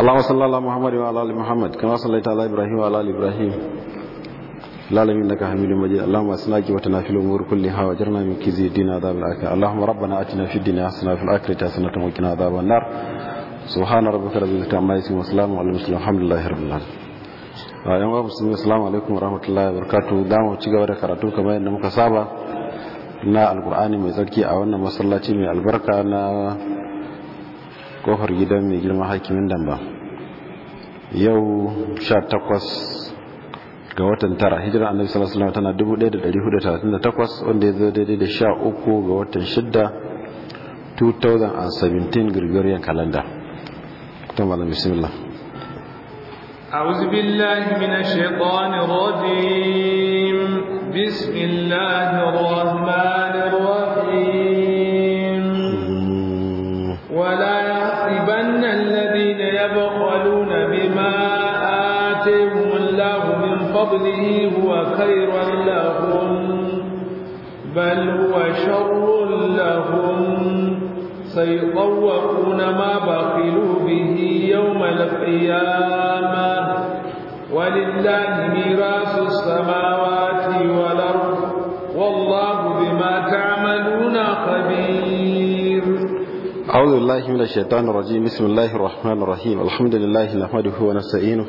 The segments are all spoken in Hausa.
اللهم صل على محمد وعلى ال محمد كما صليت على ابراهيم وعلى ال ابراهيم العالمين انك حميد مجيد اللهم اسنا عقبتنا في الامور كلها واجرنا من كيزي الدين عذاب الاخره اللهم ربنا اتنا في الدنيا حسنه وفي الاخره حسنه وقنا عذاب النار سبحان ربك رب العزه عما يصفون وسلام على المرسلين الحمد لله رب العالمين yan wa musulmi assalamu alaikum wa rahmatullahi wa barakatuh da mu ci gaba da karatu kamar yadda muka saba na alkur'ani mai tsarki a wannan masallaci mai albarka na kofar gidan mai girma hakimin damba yau 18 ga watan tara hijira annabi sallallahu alaihi wasallam tana 1438 wanda ya zo daidai da 13 ga watan 6 2017 Gregorian calendar تمام بسم الله أعوذ بالله من الشيطان الرجيم بسم الله الرحمن الرحيم خيرا لهم بل هو شر لهم سيطوقون ما بخلوا به يوم القيامة ولله ميراث السماوات والأرض والله بما تعملون خبير أعوذ بالله من الشيطان الرجيم بسم الله الرحمن الرحيم الحمد لله نحمده ونستعينه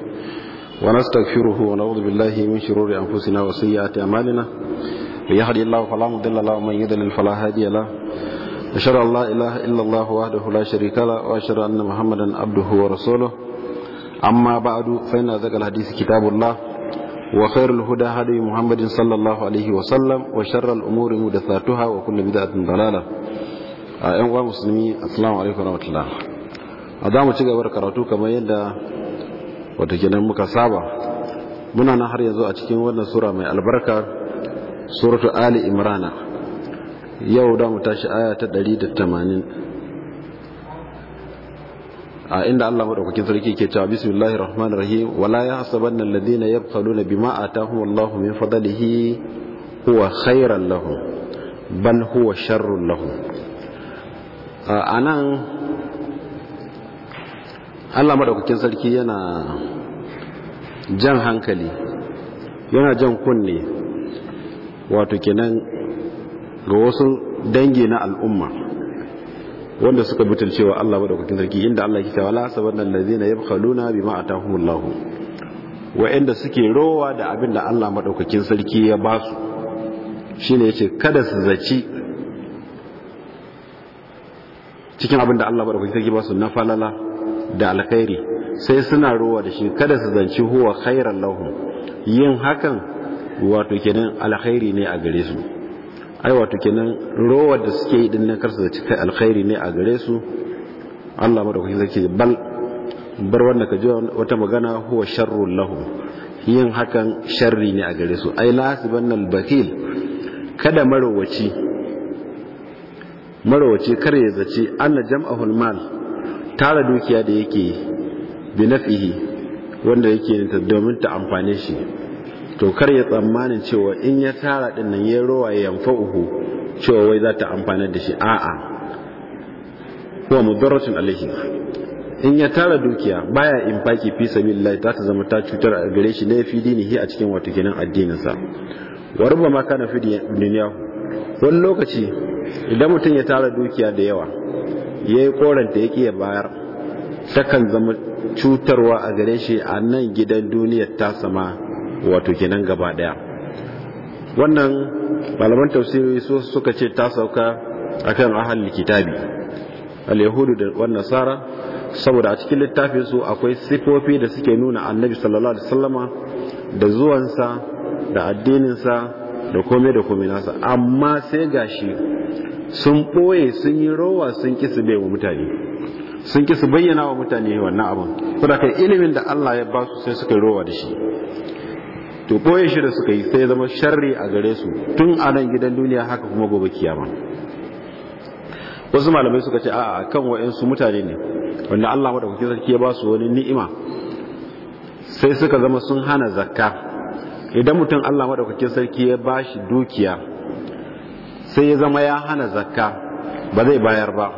ونستغفره ونعوذ بالله من شرور أنفسنا وسيئات أعمالنا ليهدي الله فلا مضل له ومن يضلل فلا هادي له أشهد أن لا إله إلا الله وحده لا شريك له وأشهد أن محمدا عبده ورسوله أما بعد فإن ذاك الحديث كتاب الله وخير الهدى هدي محمد صلى الله عليه وسلم وشر الأمور محدثاتها وكل بدعة ضلالة أيها المسلمين السلام عليكم ورحمة الله أدام تشجع بركاته كما يندى watakilan muka saba muna nan har yanzu a cikin wannan sura mai albarka suratu ali imrana yau da mu tashi aya ta 180 a inda Allah madaukakin sarki ke cewa bismillahir rahmanir rahim wala yahsabanna alladhina yabkhaluna bima atahumullahu min fadlihi huwa khairan lahum bal huwa sharrun lahum anan Allah madaukakin sarki yana jan hankali yana jan kunne wato kenan ga wasu dangi na al'umma wanda suka cewa Allah madaukakin sarki inda Allah yake cewa la sabannan lazina yabkhaluna bima Wa wa'anda suke rowa da abin da Allah madaukakin sarki ya basu shine yace kada su zaci cikin abin da Allah madaukakin sarki basu na falala da alkhairi sai suna ruwa da shi kada su zanci huwa khairan lahum yin hakan wato kenan alkhairi ne a gare su ai wato kenan ruwa da suke yi din nan karsu da kai alkhairi ne a gare su Allah madaukakin sarki bal bar wanda ka ji wata magana huwa sharrul lahum yin hakan sharri ne a gare su ai lasibanna albakil kada marowaci marowaci kar ya zaci anna jam'ahul mal tara dukiya da yake bi nafihi wanda yake ta domin ta amfane shi to kar ya tsammanin cewa in ya tara din nan ya rowa ya yamfa uhu cewa wai za ta amfana da shi a'a huwa mudarratun alaihi in ya tara dukiya baya faki fi sabilillah ta zama ta cutar a gare shi laifi dinihi a cikin wato addinin addininsa wa rubama kana fi duniyahu wani lokaci idan mutum ya tara dukiya da yawa ya yi koranta ya ya bayar takan zama cutarwa a gare shi a nan gidan duniya ta sama wato kenan gaba daya wannan malaman tausiri su suka ce ta sauka a akan ahal kitabi al-yahudu da wannan sara saboda a cikin littafin su akwai sifofi da suke nuna annabi sallallahu alaihi wasallama da zuwansa da addininsa da komai da komai nasa amma sai gashi sun ɓoye sun yi rowa sun kisa bai wa mutane sun kisa bayyana wa mutane wannan abin saboda kai ilimin da Allah ya ba su sai suka yi rowa da shi to ɓoye shi da suka yi sai zama sharri a gare su tun a nan gidan duniya haka kuma gobe kiyama wasu malamai suka ce a'a kan wa'ansu mutane ne wanda Allah kuke sarki ya ba su wani ni'ima sai suka zama sun hana zakka idan mutum Allah kuke sarki ya ba shi dukiya sai ya zama ya hana zakka ba zai bayar ba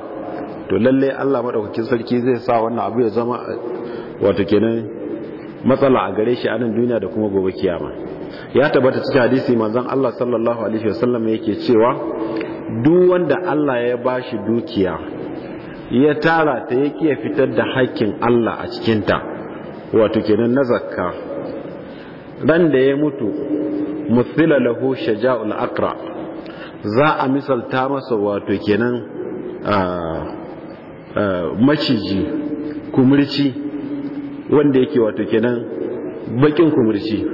to lalle Allah madaukakin sarki zai sa wannan abu ya zama wato kenan matsala a gare shi a nan duniya da kuma gobe kiyama ya tabbata cikin hadisi manzon Allah sallallahu alaihi wasallam yake cewa duk wanda Allah ya ba shi dukiya ya tara ta yake ya fitar da hakkin Allah a cikin ta wato kenan na zakka dan da ya mutu musila lahu shaja'ul aqra za a misalta masa wato kenan maciji kumurci wanda yake wato kenan bakin kumurci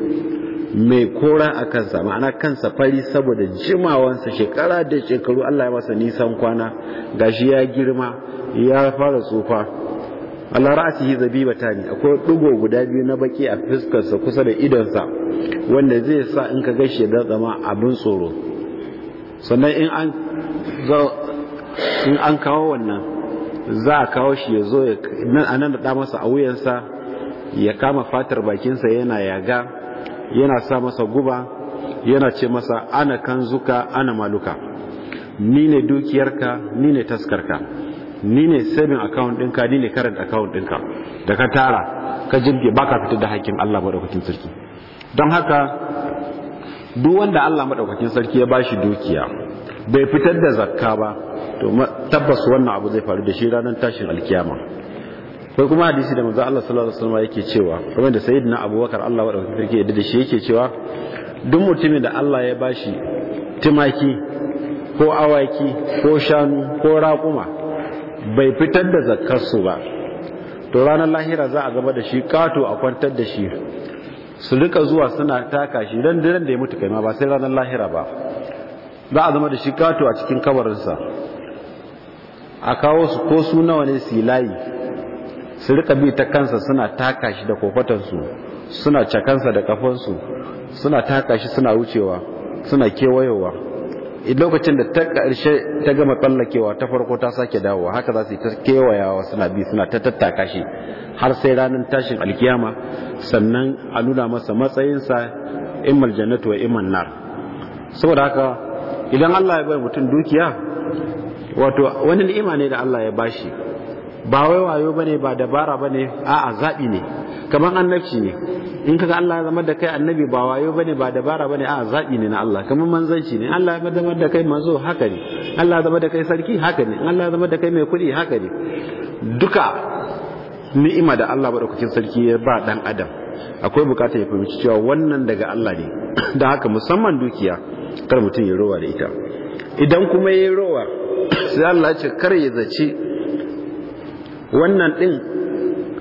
mai kora a kansa ma'ana kansa fari saboda jimawansa shekara da shekaru Allah ya masa nisan kwana gashi ya girma ya fara tsufa Allah ra'asihi zabi ne akwai dugo guda biyu na baki a fuskarsa kusa da idonsa wanda zai sa in ka gashi da zama abin tsoro sannan in an kawo wannan za a kawo shi ya zo a nan da masa a wuyansa ya kama fatar bakinsa yana yaga yana sa masa guba yana ce masa ana kanzuka ana maluka ni ne dukiyarka ni ne taskarka ni ne saving account ɗinka ni ne current account ɗinka da ka tara ka jirge ka fitar da hakkin Allah madaukakin sarki don haka duk wanda Allah madaukakin sarki ya bashi dukiya bai fitar da zakka ba to tabbas wannan abu zai faru da shi ranar tashin alkiyama kai kuma hadisi da manzo Allah sallallahu alaihi wasallam yake cewa kamar da sayyidina Abubakar Allah madaukakin sarki yadda da shi yake cewa duk mutumin da Allah ya bashi timaki, ko awaki ko shanu ko raƙuma bai fitar da zakkar su ba to ranar lahira za a gaba da shi kato a kwantar da shi su rika zuwa suna taka shi ran da ya mutu kai ma ba sai ranar lahira ba za a zama da shi kato a cikin kabarinsa a kawo su ko su nawa ne su layi su rika bi ta kansa suna taka shi da kofatansu suna cakansa da kafansu suna taka shi suna wucewa suna kewayowa lokacin da ta ƙarshe ta gama tsallakewa ta farko ta sake dawowa haka za su yi ta kewayawa suna bi suna ta tattaka shi har sai ranar tashin alkiyama sannan a nuna masa matsayinsa in jannatu wa immal nar saboda haka idan Allah ya bai mutum dukiya wato wani ni'ima ne da Allah ya bashi ba wai wayo bane ba dabara bane a'a zabi ne kaman annabci ne in kaga Allah ya zama da kai annabi ba wayo bane ba dabara bane a'a zabi ne na Allah kamar manzanci ne Allah ya zama da kai manzo haka ne Allah ya zama da kai sarki haka ne Allah ya zama da kai mai kuɗi haka ne duka ni'ima da Allah dauke sarki ya ba dan adam akwai bukata ya fahimci cewa wannan daga Allah ne da haka musamman dukiya kar mutum ya rowa da ita idan kuma ya rowa sai Allah ya ce kar ya zaci wannan din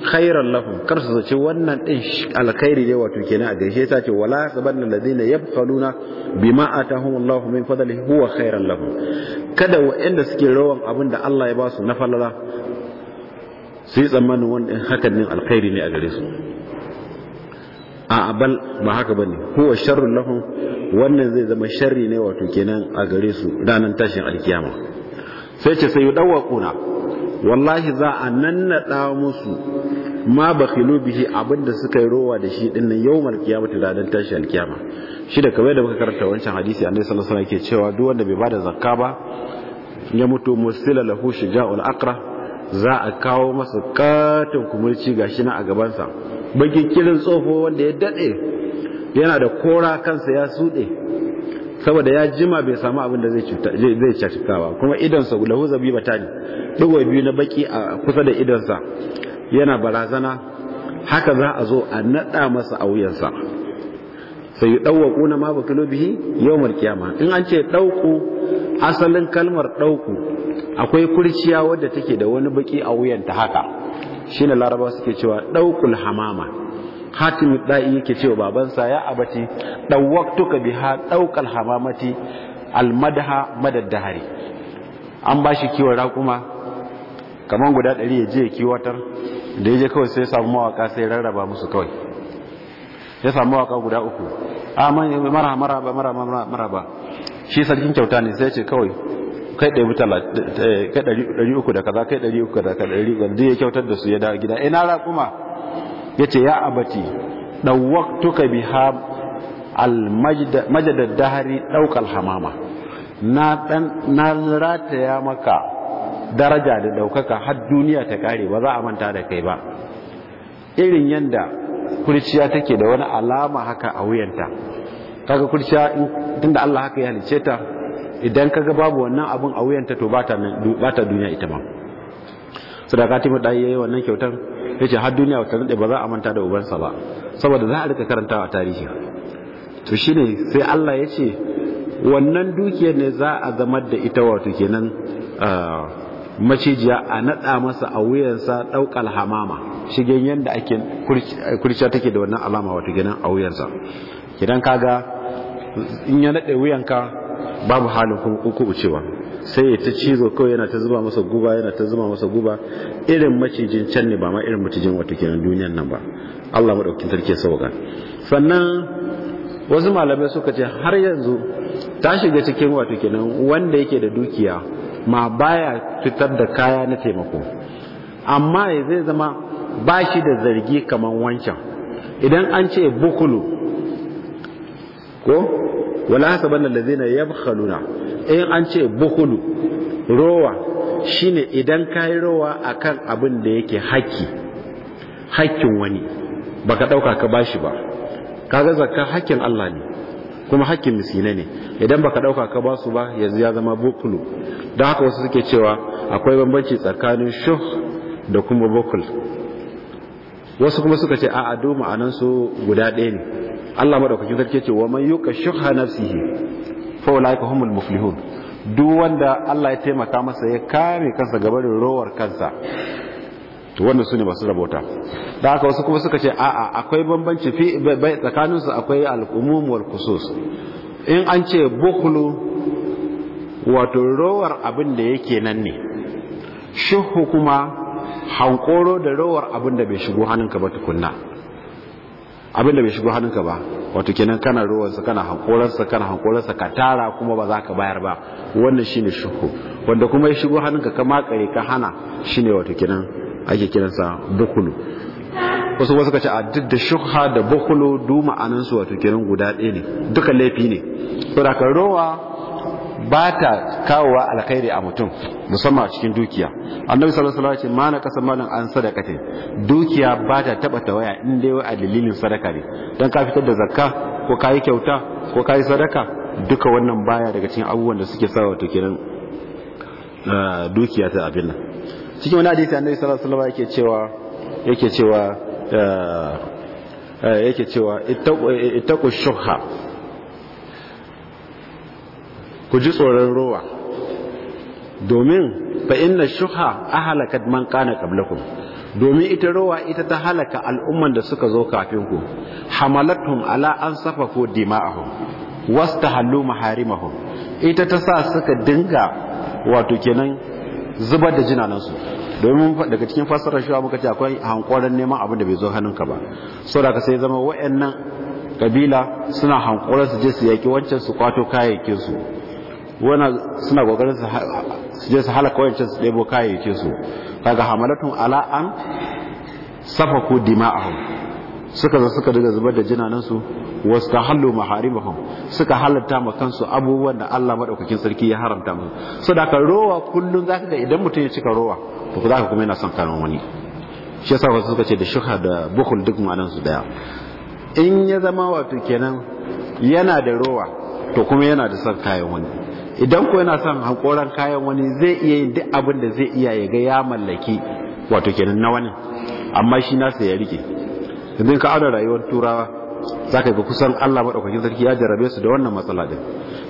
khairan lahum kar su zaci wannan din alkhairi ne wato kenan a gaishe ta ce wala saban alladhina yabkhaluna bima atahum Allahu min fadlihi huwa khairan lahum kada inda suke rawan abin da Allah ya ba su na falala su yi tsammanin wannan hakan din alkhairi ne a gare su a abal ba haka bane huwa sharrun lahum wannan zai zama sharri ne wato kenan a gare su ranar tashin alkiyama sai ce sai yudawquna wallahi za a nannaɗa musu ma bakhilu bihi abinda suka yi rowa da shi dinnan mutu da ranar tashi alkiyama shi da kamar da muka karanta wancan hadisi a sallallahu alaihi wasallam yake cewa duk wanda bai bada zakka ba ya mutu musila lahu shija'ul aqra za a kawo masa katon kumurci gashi na a gabansa. sa bakin kirin tsofo wanda ya dade yana da kora kansa ya suɗe. saboda ya jima bai samu abin da zai cacika ba kuma idansa lahuza biyu ta ne ɗigo biyu na baki a kusa da idonsa yana barazana haka za a zo a naɗa masa a wuyansa sai yi na ma bakilu bihi yau markiyama in an ce ɗauku asalin kalmar ɗauku akwai kurciya wadda take da wani baki a wuyanta haka shi shine larabawa suke cewa ɗaukul hamama hatim da'i yake cewa babansa ya abati dawwaktuka biha daukal hamamati almadha madad dahari an bashi kiwon raƙuma kaman guda 100 ya je ya kiwatar da ya je kawai sai samu mawaka sai rarraba musu kawai ya samu mawaka guda uku a ah, mara mara ba mara mara ba shi sarkin kyauta ne sai ce kawai kai eh, ɗari kai 300 uku da kaza kai ɗari uku da kaza ɗari uku da ya kyautar da su ya da gida ina raƙuma ya ce ya abati dawwaktuka biha almajdad dahari ɗaukar hamama na rata na rataya maka daraja da ɗaukaka har duniya ta kare ba za a manta da kai ba irin yadda kurciya take da wani alama haka a wuyanta kaga kurciya da Allah haka ya halice ta idan kaga babu wannan abun a wuyanta to ba ta duniya ita ma sadaka timu ya yayi wannan kyautar ya ce har duniya wata rinde ba za a manta da ubansa ba saboda za a rika karantawa tarihi to shi ne sai Allah ya ce wannan dukiyar ne za a zama da ita wato kenan macijiya a natsa masa a wuyansa ɗaukar hamama ganyen yanda ake kurciya take da wannan alama wato kenan a wuyansa idan kaga in ya nade wuyanka babu halin kuma uku sai ya ta cizo kawai yana ta zuba masa guba yana ta zuba masa guba irin macijin can ne ba ma irin macijin wata kenan duniyan nan ba Allah madaukakin sarki ya sauka sannan wasu malamai suka ce har yanzu ta shiga cikin wata kenan wanda yake da dukiya ma baya fitar da kaya na taimako amma zai zama ba shi da zargi kamar wancan idan an ce bukulu ko wala hasaban allazina yabkhaluna in an ce buhulu rowa shine idan ka yi rowa kan abin da yake haƙƙi haƙƙin wani ba ka ɗauka ka bashi ba Ka kaga zakka haƙƙin Allah ne kuma haƙƙin misina ne idan ba ka ɗauka ka basu ba yanzu ya zama bukulu don haka wasu suke cewa akwai bambanci tsakanin shuh da kuma bukul wasu kuma suka ce a'a do ma'anansu guda ɗaya ne Allah maɗaukakin sarki ce wa man yuka shuha nafsihi fa humul muflihun duk wanda Allah ya taimaka masa ya kare kansa gaba da rowar kansa to wannan sune masu rabota da haka wasu kuma suka ce a akwai bambanci fi tsakaninsu akwai al-umum wal khusus in an ce bukulu wato rawar abin da yake nan ne shuhu kuma hankoro da rawar abin da bai shigo hannunka ba tukunna abinda bai shigo hannunka ba wato kenan kana ruwansa kana hankolarsa kana hankolarsa ka tara kuma ba za ka bayar ba wannan shine shuhu wanda kuma ya shigo hannunka ka makare ka hana shine wato kenan ake kiransa bukulu wasu wasu kace a duk da shukha da bukulu du ma'anansu wato kenan guda ɗaya ne duka laifi ne saboda ka rowa ba ta kawowa alkhairi a mutum musamman a cikin dukiya annabi sallallahu alaihi wasallam ce mana kasa malin an sadaka ce dukiya ba ta taba tawaya in dai a dalilin sadaka ne dan ka fitar da zakka ko kai kyauta ko kai sadaka duka wannan baya daga cikin abubuwan da suke sawa to kenan dukiya ta abin nan cikin wani hadisi annabi sallallahu alaihi wasallam yake cewa yake cewa yake cewa ittaqu ittaqu shuhha ku ji tsoron rowa domin fa inna shuha ahlakat man kana qablakum domin ita rowa ita ta halaka al'umman da suka zo kafin ku hamalatum ala an safaku dima'ahum wastahallu maharimahum ita ta sa suka dinga wato kenan zubar da jinanansu domin daga cikin fassarar shi muka ce akwai hankoran neman abin da bai zo hannunka ba saboda ka sai zama wayannan kabila suna hankoran su je su yaki wancan su kwato kayayyakin su wana suna kokarin su je su halaka wancan su ɗebo kayayyaki su kaga hamalatun ala'an safaku dima'ahum suka zo suka daga zubar da jinanan su wasu ta hallo maharimahum suka halatta ma kansu abubuwan da Allah maɗaukakin sarki ya haramta mu. so da ka rowa za ka ga idan mutum ya cika rowa to ku zaka kuma yana son kanon wani shi ya wasu suka ce da shuha da bukul duk ma'anan daya in ya zama wato kenan yana da rowa to kuma yana da son kayan wani idan ko yana son hankoran kayan wani zai iya yin duk abin da zai iya ya ga ya mallaki wato kenan na wani amma shi nasa ya rike idan ka auna rayuwar turawa za ka ga kusan allah maɗaukakin sarki ya jarrabe su da wannan matsala din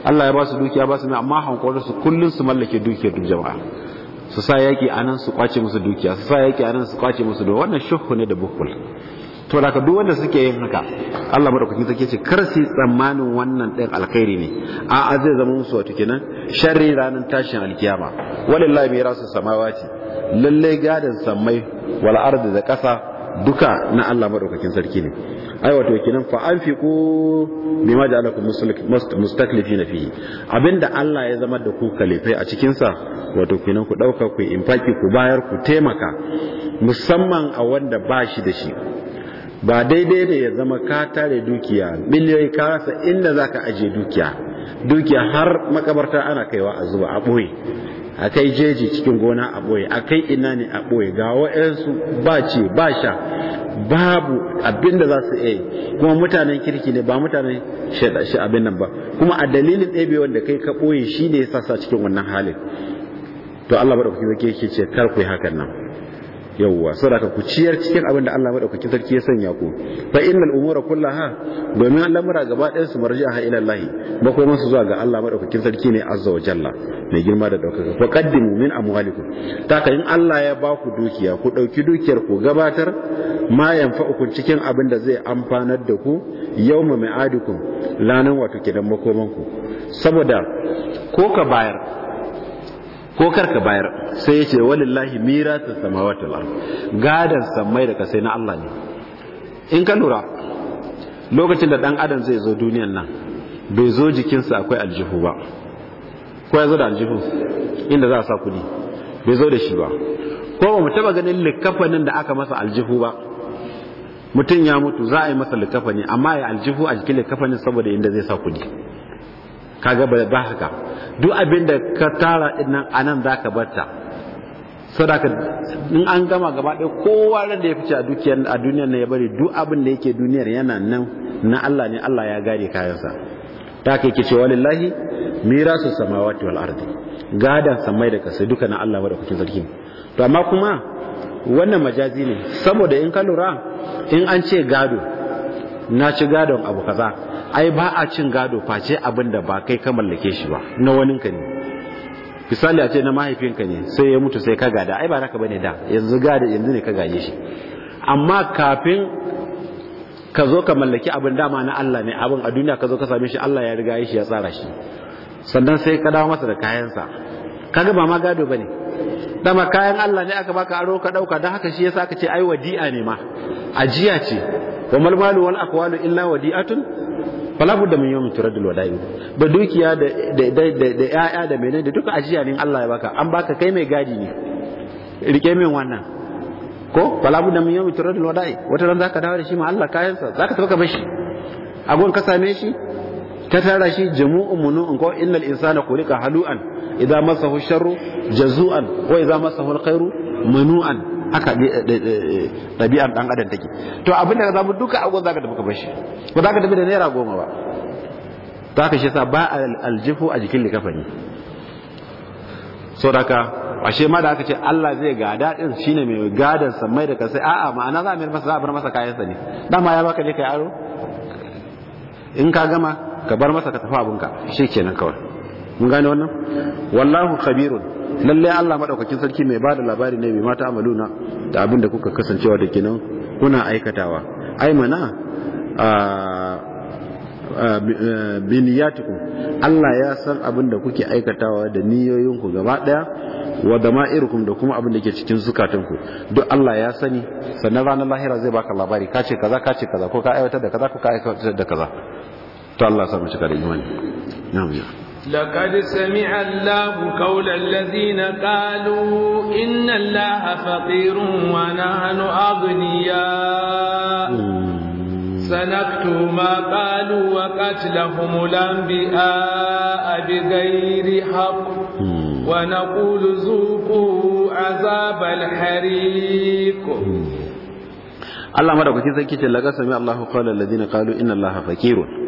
allah ya ba su dukiya ba su ne amma hankoran su kullum su mallake dukiyar duk jama'a su sa yaƙi a nan su kwace musu dukiya su sa yaƙi a nan su kwace musu da wannan shuhu ne da bukul to da duk wanda suke yin haka Allah madaukakin sarki ce kar su tsammanin wannan din alkhairi ne a a zai zama musu wato kenan sharri ranar tashin alkiyama walillahi samawa samawati lalle gadan samai wal ardi da kasa duka na Allah madaukakin sarki ne ai wato kenan fa anfiqu bima ja'alakum mustaklifin fihi abinda Allah ya zama da ku kalifai a cikin sa wato kenan ku dauka ku infaki ku bayar ku taimaka musamman a wanda ba shi da shi ba daidai ne ya zama ka tare dukiya miliyoyi ka rasa inda za ka ajiye dukiya dukiya har makabarta ana kaiwa a zuba a ɓoye a kai jeji cikin gona a ɓoye a kai ina ne a ɓoye ga wa'yansu ba ce ba sha babu abin da za su iya kuma mutanen kirki ne ba mutanen shi abin nan ba kuma a dalilin ɗabe wanda kai ka ɓoye shi ne ya sasa cikin wannan halin to Allah maɗaukaki zai ke ce kar ku yi hakan nan yawwa saboda ku ciyar cikin abin da Allah madaukakin sarki ya sanya ku fa innal umura kullaha domin lamura gaba ɗayan su marji'a ila Allah ba ko masu zuwa ga Allah madaukakin sarki ne azza wa jalla mai girma da daukaka fa qaddimu min amwalikum taka in Allah ya ba ku dukiya ku dauki dukiyar ku gabatar ma yanfa'ukum cikin abin da zai amfanar da ku yawma ma'adikum lanan wato kidan makomanku saboda ko ka bayar ko karka bayar sai ya ce walillahi mirasun samawati wal gadan samai da kasai na Allah ne in ka lura lokacin da dan adam zai zo duniyan nan bai zo jikinsa akwai aljihu ba ko ya zo da aljihu inda za a sa kudi bai zo da shi ba ko ba mu taba ganin likafanin da aka masa aljihu ba mutum ya mutu za a yi masa likafani amma ya aljihu a jikin likafanin saboda inda zai sa kudi kaga ba haka duk abin da ka tara din nan anan zaka barta sadaka in an gama gaba ɗaya kowa ran da ya fice a dukiyar a duniyar ne ya bari duk abin da yake duniyar yana nan na Allah ne Allah ya gare kayansa ta kai ke ce wallahi mirasu samawati wal ardi gadan samai da kasai duka na Allah kuke zargin to amma kuma wannan majazi ne saboda in ka lura in an ce gado na ci gadon abu kaza ai ba a cin gado face abin da ba kai ka mallake shi ba na waninka ne misali a ce na mahaifinka ne sai ya mutu sai ka gada ai ba naka bane da yanzu gada yanzu ne ka gaje shi amma kafin ka zo ka mallaki abin dama na Allah ne abin a duniya ka zo ka same shi Allah ya riga ya shi ya tsara shi sannan sai ka dawo masa da kayansa kaga ba ma gado bane dama kayan Allah ne aka baka aro ka dauka dan haka shi yasa ka ce ai wadi'a ne ma ajiya ce wa malu wal aqwalu illa wadi'atun fala budda min yawmi turaddul wada'i ba dukiya da da da yaya da menene da duka ajiya ne Allah ya baka an baka kai mai gadi ne rike min wannan ko fala budda min yawmi turaddul wada'i wata ran zaka dawo da shi ma Allah kayansa zaka tafi ka bashi agon ka same shi ta tara shi jamu'un munu'un ko innal insana khuliqa halu'an idza masahu sharru jazu'an wa idza masahu alkhairu manu'an haka eh, eh, eh, ɗabi'ar ɗan adam take to abin da za mu duka abubuwan zaka ka tafi ka bashi ba za ka tafi da naira goma ba to haka shi sa ba aljifu a jikin likafani daga ashe ma da aka ce Allah zai gada dadin shine mai gadan mai da kasai a'a ma'ana za a mai masa za a bar masa kayan sa ne ma ya baka je kai aro in ka gama ka bar masa ka tafi abinka shikenan kawai mun gane wannan wallahu khabirun lalle Allah madaukakin sarki mai bada labari ne mai mata amaluna da abin da kuka kasancewa da kinan kuna aikatawa ai mana biniyatiku Allah ya san abin da kuke aikatawa da niyoyinku gaba daya wa da ma'irukum da kuma abin da ke cikin zukatanku duk Allah ya sani sannan ranar lahira zai baka labari ka ce kaza ka ce kaza ko ka aiwatar da kaza ko ka aiwatar da kaza to Allah ya sa mu cika da imani amin لقد سمع الله قول الذين قالوا إن الله فقير ونحن أغنياء سنكتب ما قالوا وقتلهم الأنبياء بغير حق ونقول ذوقوا عذاب الحريق الله مرة كثيرة كتير لقد سمع الله قول الذين قالوا إن الله فقير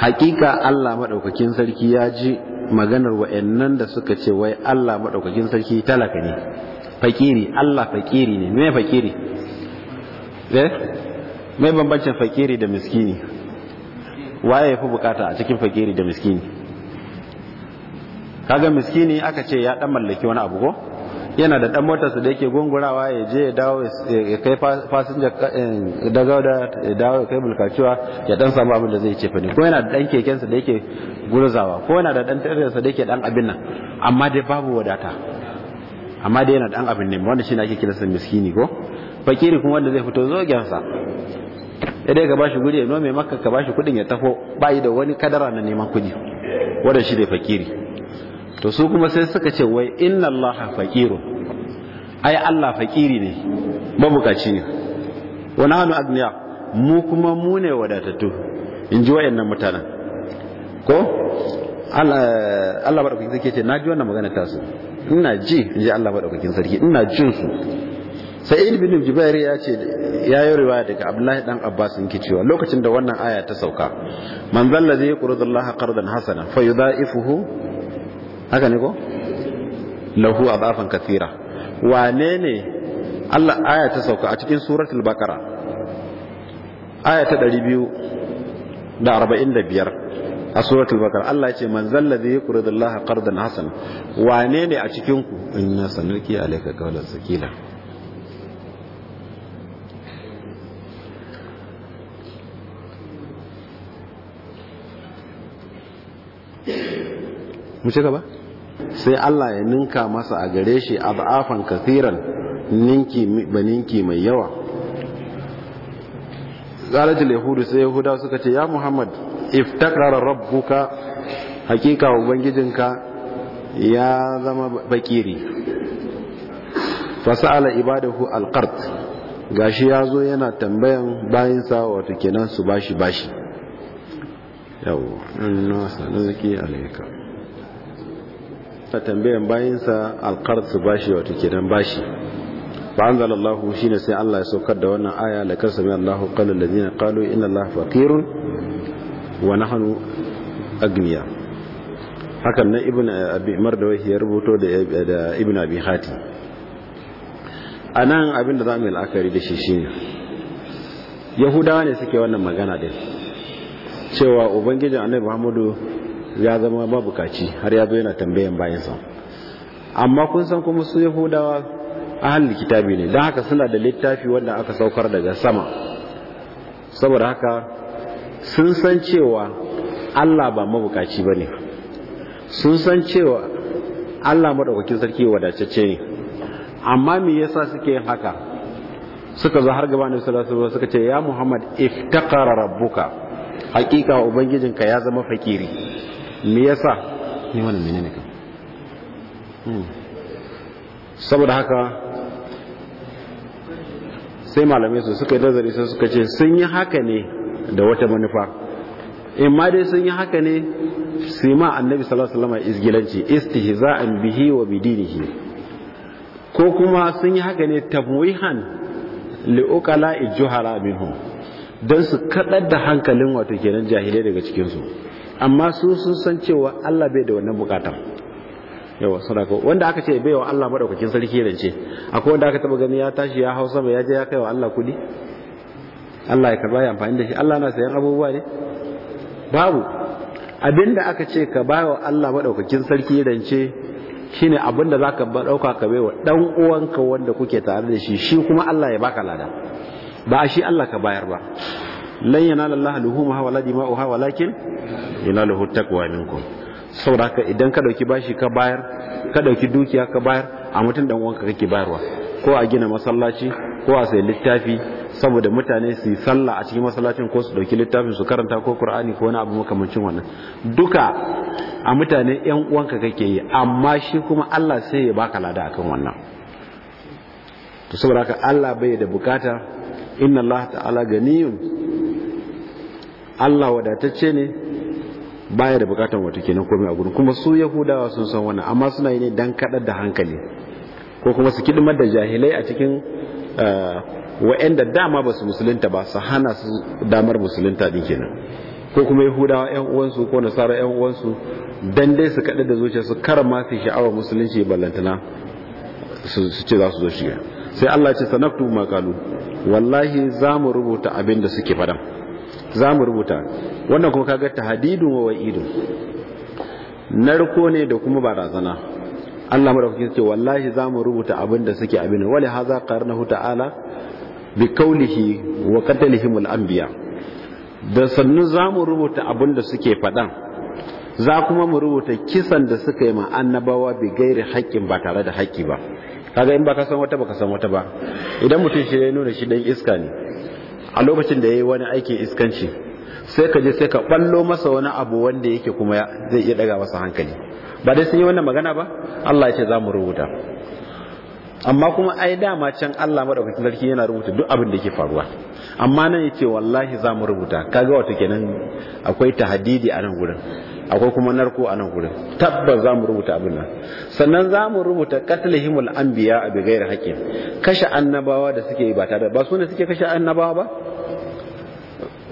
hakika Allah maɗaukakin sarki ya ji maganar wa'annan da suka ce wai Allah maɗaukakin sarki talaka ne fakiri Allah fakiri ne me fakiri eh me bambancin fakiri da miskini waye yafi bukata a cikin fakiri da miskini kaga miskini aka ce ya dan mallaki wani abu ko yana da dan motarsa da yake gungurawa ya je ya dawo ya kai fasinjar fasinja eh, da ya dawo ya kai bulkaciwa ya dan samu abin da zai ce fani ko yana da dan kekensa da yake gurzawa ko yana da dan tarayarsa da yake dan abin nan amma dai babu wadata amma dai yana dan abin ne wanda shi ne ake kiransa miskini ko fakiri kuma wanda zai fito zogensa ya dai ka bashi guri ya nome maka ka bashi kudin ya taho ba yi da wani kadara na neman kudi wanda shi ne fakiri to su kuma sai suka ce wai inna allaha fakiru ai allah faqiri ne mabukaci ne wa nahnu agniya mu kuma mu ne wadatattu in ji wayannan mutanen ko Allah madaukakin sarki ce na ji wannan magana ta su ina ji in ji Allah madaukakin sarki ina jin su sai ibn jubair ya ce ya yi riwaya daga abdullahi dan abbas in cewa lokacin da wannan aya ta sauka man zalla zai qurdullah qardan hasana fa yudaifuhu haka ne ko lahu adafan kathira wane ne Allah aya ta sauka a cikin suratul baqara aya ta 245 a suratul baqara Allah ya ce man zallazi yuqridullaha qardan hasana wane ne a cikin ku inna sanuki alayka qawlan sakila mu ci gaba sai Allah ya ninka masa a gare shi al'afan kafiran ninki ba ninki mai yawa zalajin yahudu sai yahuda suka ce ya muhammad if iftakara rabbuka hakika ubangijinka ya zama bakiri fasa'ala ibadahu alqart gashi zo yana tambayan bayin sa wato kenan su bashi bashi yawo ta tambayan bayinsa alkar su bashi wato kenan bashi fa anzalallahu shine sai Allah ya saukar da wannan aya la kasami Allahu qala allazina qalu inna Allah faqirun wa nahnu agniya hakan na ibn abi mardawi ya rubuto da ibn abi hati anan abin da zamu yi la'akari da shi shine yahudawa ne suke wannan magana din cewa ubangijin annabi Muhammadu ya zama mabukaci har ya zo yana tambayan bayansa amma kun san kuma su yahudawa ahalin kitabi ne don haka suna da littafi wanda aka saukar daga sama saboda haka sun san cewa allah ba mabukaci ba ne sun san cewa allah maɗaukakin sarki wadatacce ne amma me yasa suke yin haka suka zo har gaba ne sallallahu suka ce ya muhammad iftaqara rabbuka hakika ubangijinka ya zama fakiri me yasa ni wannan menene kan hmm. saboda haka sai malamai su suka yi nazari sai suka ce sun yi haka ne da wata manufa in ma dai sun yi haka ne su ma annabi sallallahu alaihi wasallam izgilanci istihza'an bihi wa bidinihi ko kuma sun yi haka ne tabwihan li uqala juhara minhum dan su kadar da hankalin wato kenan jahilai daga cikin su amma su sun san cewa Allah bai da wannan bukatar yawa sadaka wanda aka ce bai wa Allah madaukakin sarki rance akwai wanda aka taba gani ya tashi ya hausa sama ya je ya kai wa Allah kudi Allah ya karba ya amfani da shi Allah na sayan abubuwa ne babu abinda aka ce ka bai wa Allah madaukakin sarki rance shine abinda zaka dauka ka bai wa dan uwanka wanda kuke tare da shi shi kuma Allah ya baka lada ba shi Allah ka bayar ba lan yanala Allah luhumuha wala dima'uha walakin yanaluhu taqwa minkum saboda haka idan ka dauki bashi ka bayar ka dauki dukiya ka bayar a mutum dan wanka kake bayarwa ko a gina masallaci ko a sai littafi saboda mutane su yi sallah a cikin masallacin ko su dauki littafin su karanta ko qur'ani ko wani abu makamancin wannan duka a mutane yan uwanka kake yi amma shi kuma Allah sai ya baka lada akan wannan to saboda haka Allah bai da bukata inna Allah ta'ala ganiyun Allah wadatacce ne baya da bukatan wata kenan komai a gudu kuma su yahudawa sun san wannan amma suna yi ne dan kadar da hankali ko kuma su kidimar da jahilai a cikin eh, wa'anda dama ba su musulunta ba su hana su damar musulunta din kenan ko kuma yahudawa yan uwansu ko nasara yan uwansu dan dai su kadar da zuciya su kara ma sha'awar musulunci ballantana su ce za su zo shiga sai Allah ya ce sanaktu makalu wallahi za mu rubuta abin da suke faɗa za mu rubuta wannan kuma kaga tahdidun wa wa'idun narko ne da kuma barazana Allah madaukakin ce wallahi za mu rubuta abin da suke abin wali haza qarnahu ta'ala bi kaulihi wa qatlihim al-anbiya da sannu za mu rubuta abin da suke faɗan za kuma mu rubuta kisan da suka yi ma annabawa bi gairi haƙƙin ba tare da haƙƙi ba kaga in ba ka san wata ba ka san wata ba idan mutum shi ya nuna shi dan iska ne a lokacin da ya yi wani aikin iskanci sai ka je sai ka ballo masa wani abu wanda yake kuma zai iya daga masa hankali ba dai sun yi wannan magana ba Allah ya ce za mu rubuta amma kuma ai dama can Allah madaukakin sarki yana rubuta duk abin da yake faruwa amma nan yace wallahi za mu rubuta kaga wata kenan akwai tahdidi a nan gurin akwai kuma narko a nan gurin tabbas za mu rubuta abin nan sannan za mu rubuta katlihimul alambiya a bigayar haƙƙin kashe annabawa da suke yi ba tare ba su ne suke kashe annabawa ba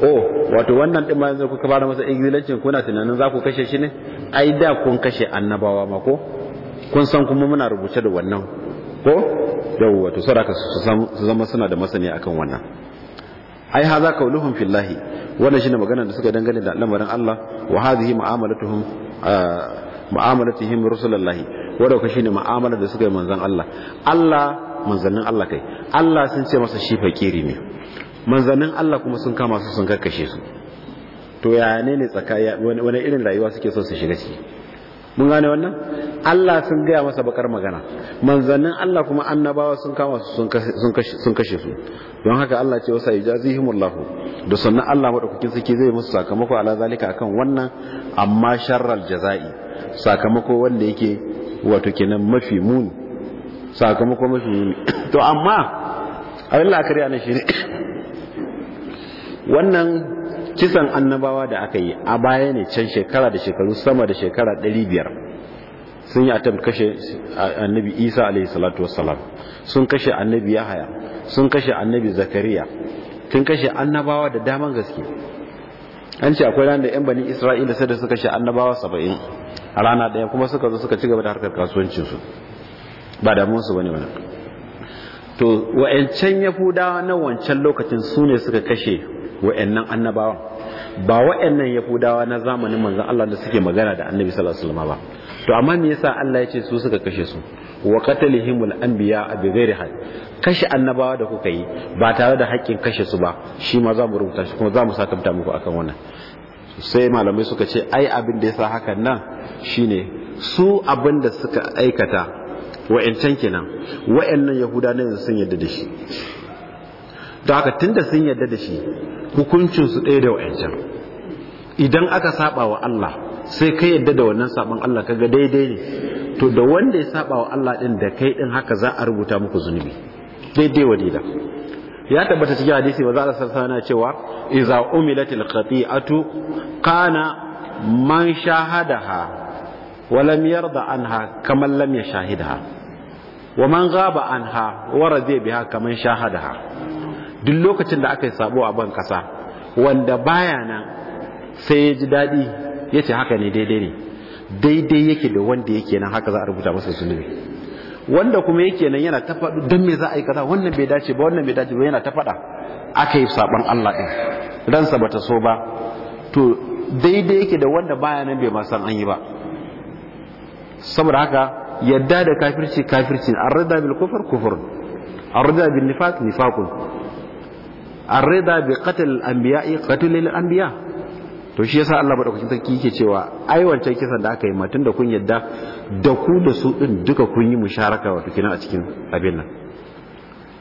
o oh, wato wannan ɗin bayan zai kuka fara masa exilancin kuna tunanin za ku kashe shi ne ai da kun kashe annabawa ma ko kun san kuma muna rubuce da wannan ko yau wato saraka su zama suna da masani akan wannan ai haza kauluhum fillahi wannan shine magana da suka dangane da lamarin Allah wa hadhihi mu'amalatuhum ah, mu'amalatuhum rusulullahi wanda ka shine mu'amalar da suka yi manzon Allah Allah manzannin Allah kai Allah sun ce masa shi fakiri ne manzannin Allah kuma sun kama su sun karkashe su to ya ne ne tsakaya wani irin rayuwa suke so su shiga ciki mun gane wannan Allah sun gaya masa bakar magana manzannin Allah kuma annabawa sun kama su sun kashe su don haka Allah ce wasa yujazihimullahu da sannan Allah madaukakin sarki zai musu sakamako ala zalika akan wannan amma sharral jaza'i sakamako wanda yake wato kenan mafi muni sakamako mafi muni to amma Allah kare anan shi ne wannan kisan annabawa da aka yi a baya ne can shekara da shekaru sama da shekara 500 sun yi atam kashe annabi isa alaihi salatu wassalam sun kashe annabi yahaya sun kashe annabi zakariya sun kashe annabawa da daman gaske an ce akwai ranar da yan bani isra'ila sai da suka kashe annabawa saba'in a rana ɗaya kuma suka zo suka ci gaba da harkar kasuwancinsu ba da ba wani wani to wa'ancan yahudawa na wancan lokacin su ne suka kashe wa'annan annabawa, ba wa'annan yahudawa na zamanin manzon Allah da suke magana da annabi sallallahu alaihi wasallam ba to amma me yasa Allah ya ce su suka kashe su wa qatalihimul anbiya bi ghairi hal kashe annabawa da kuka yi ba tare da haƙƙin kashe su ba shi ma za mu rubuta shi kuma za mu sakamta muku akan wannan sai malamai suka ce ai abin da ya hakan nan shine su abin da suka aikata wa'ancan kenan wa'annan yahuda ne sun yadda da shi don haka tunda sun yadda da shi Hukuncin su ɗaya da wa'ancan idan aka saba wa Allah sai ka yadda da wannan saban Allah kaga daidai ne to da wanda ya saba wa Allah ɗin da kai ɗin haka za a rubuta muku zunubi daidai wa dida ya tabbata cikin hadisi ba za a sarsa na cewa iza umilatil khati'atu kana man shahadaha wa lam yarda anha kaman lam ha, wa man ghaba anha wa radiya biha kaman shahadaha duk lokacin da aka yi sabo a ban kasa wanda baya nan sai ya ji daɗi ya ce haka ne daidai ne daidai yake da wanda yake nan haka za a rubuta masa zunubi wanda kuma yake nan yana ta faɗu don me za a yi kaza wannan bai dace ba wannan bai dace ba yana ta faɗa aka yi saban Allah ɗin ransa ta so ba to daidai yake da wanda baya nan bai ma san an yi ba saboda haka yadda da kafirci kafirci an rada bil kufur kufur an rada bil nifaq nifaqun arida bi qatl al-anbiya'i qatl al-anbiya to shi yasa Allah madaukakin sarki yake cewa ai wancan kisan da aka yi matun da kun yadda da ku da su din duka kun yi musharaka wato kina a cikin abin nan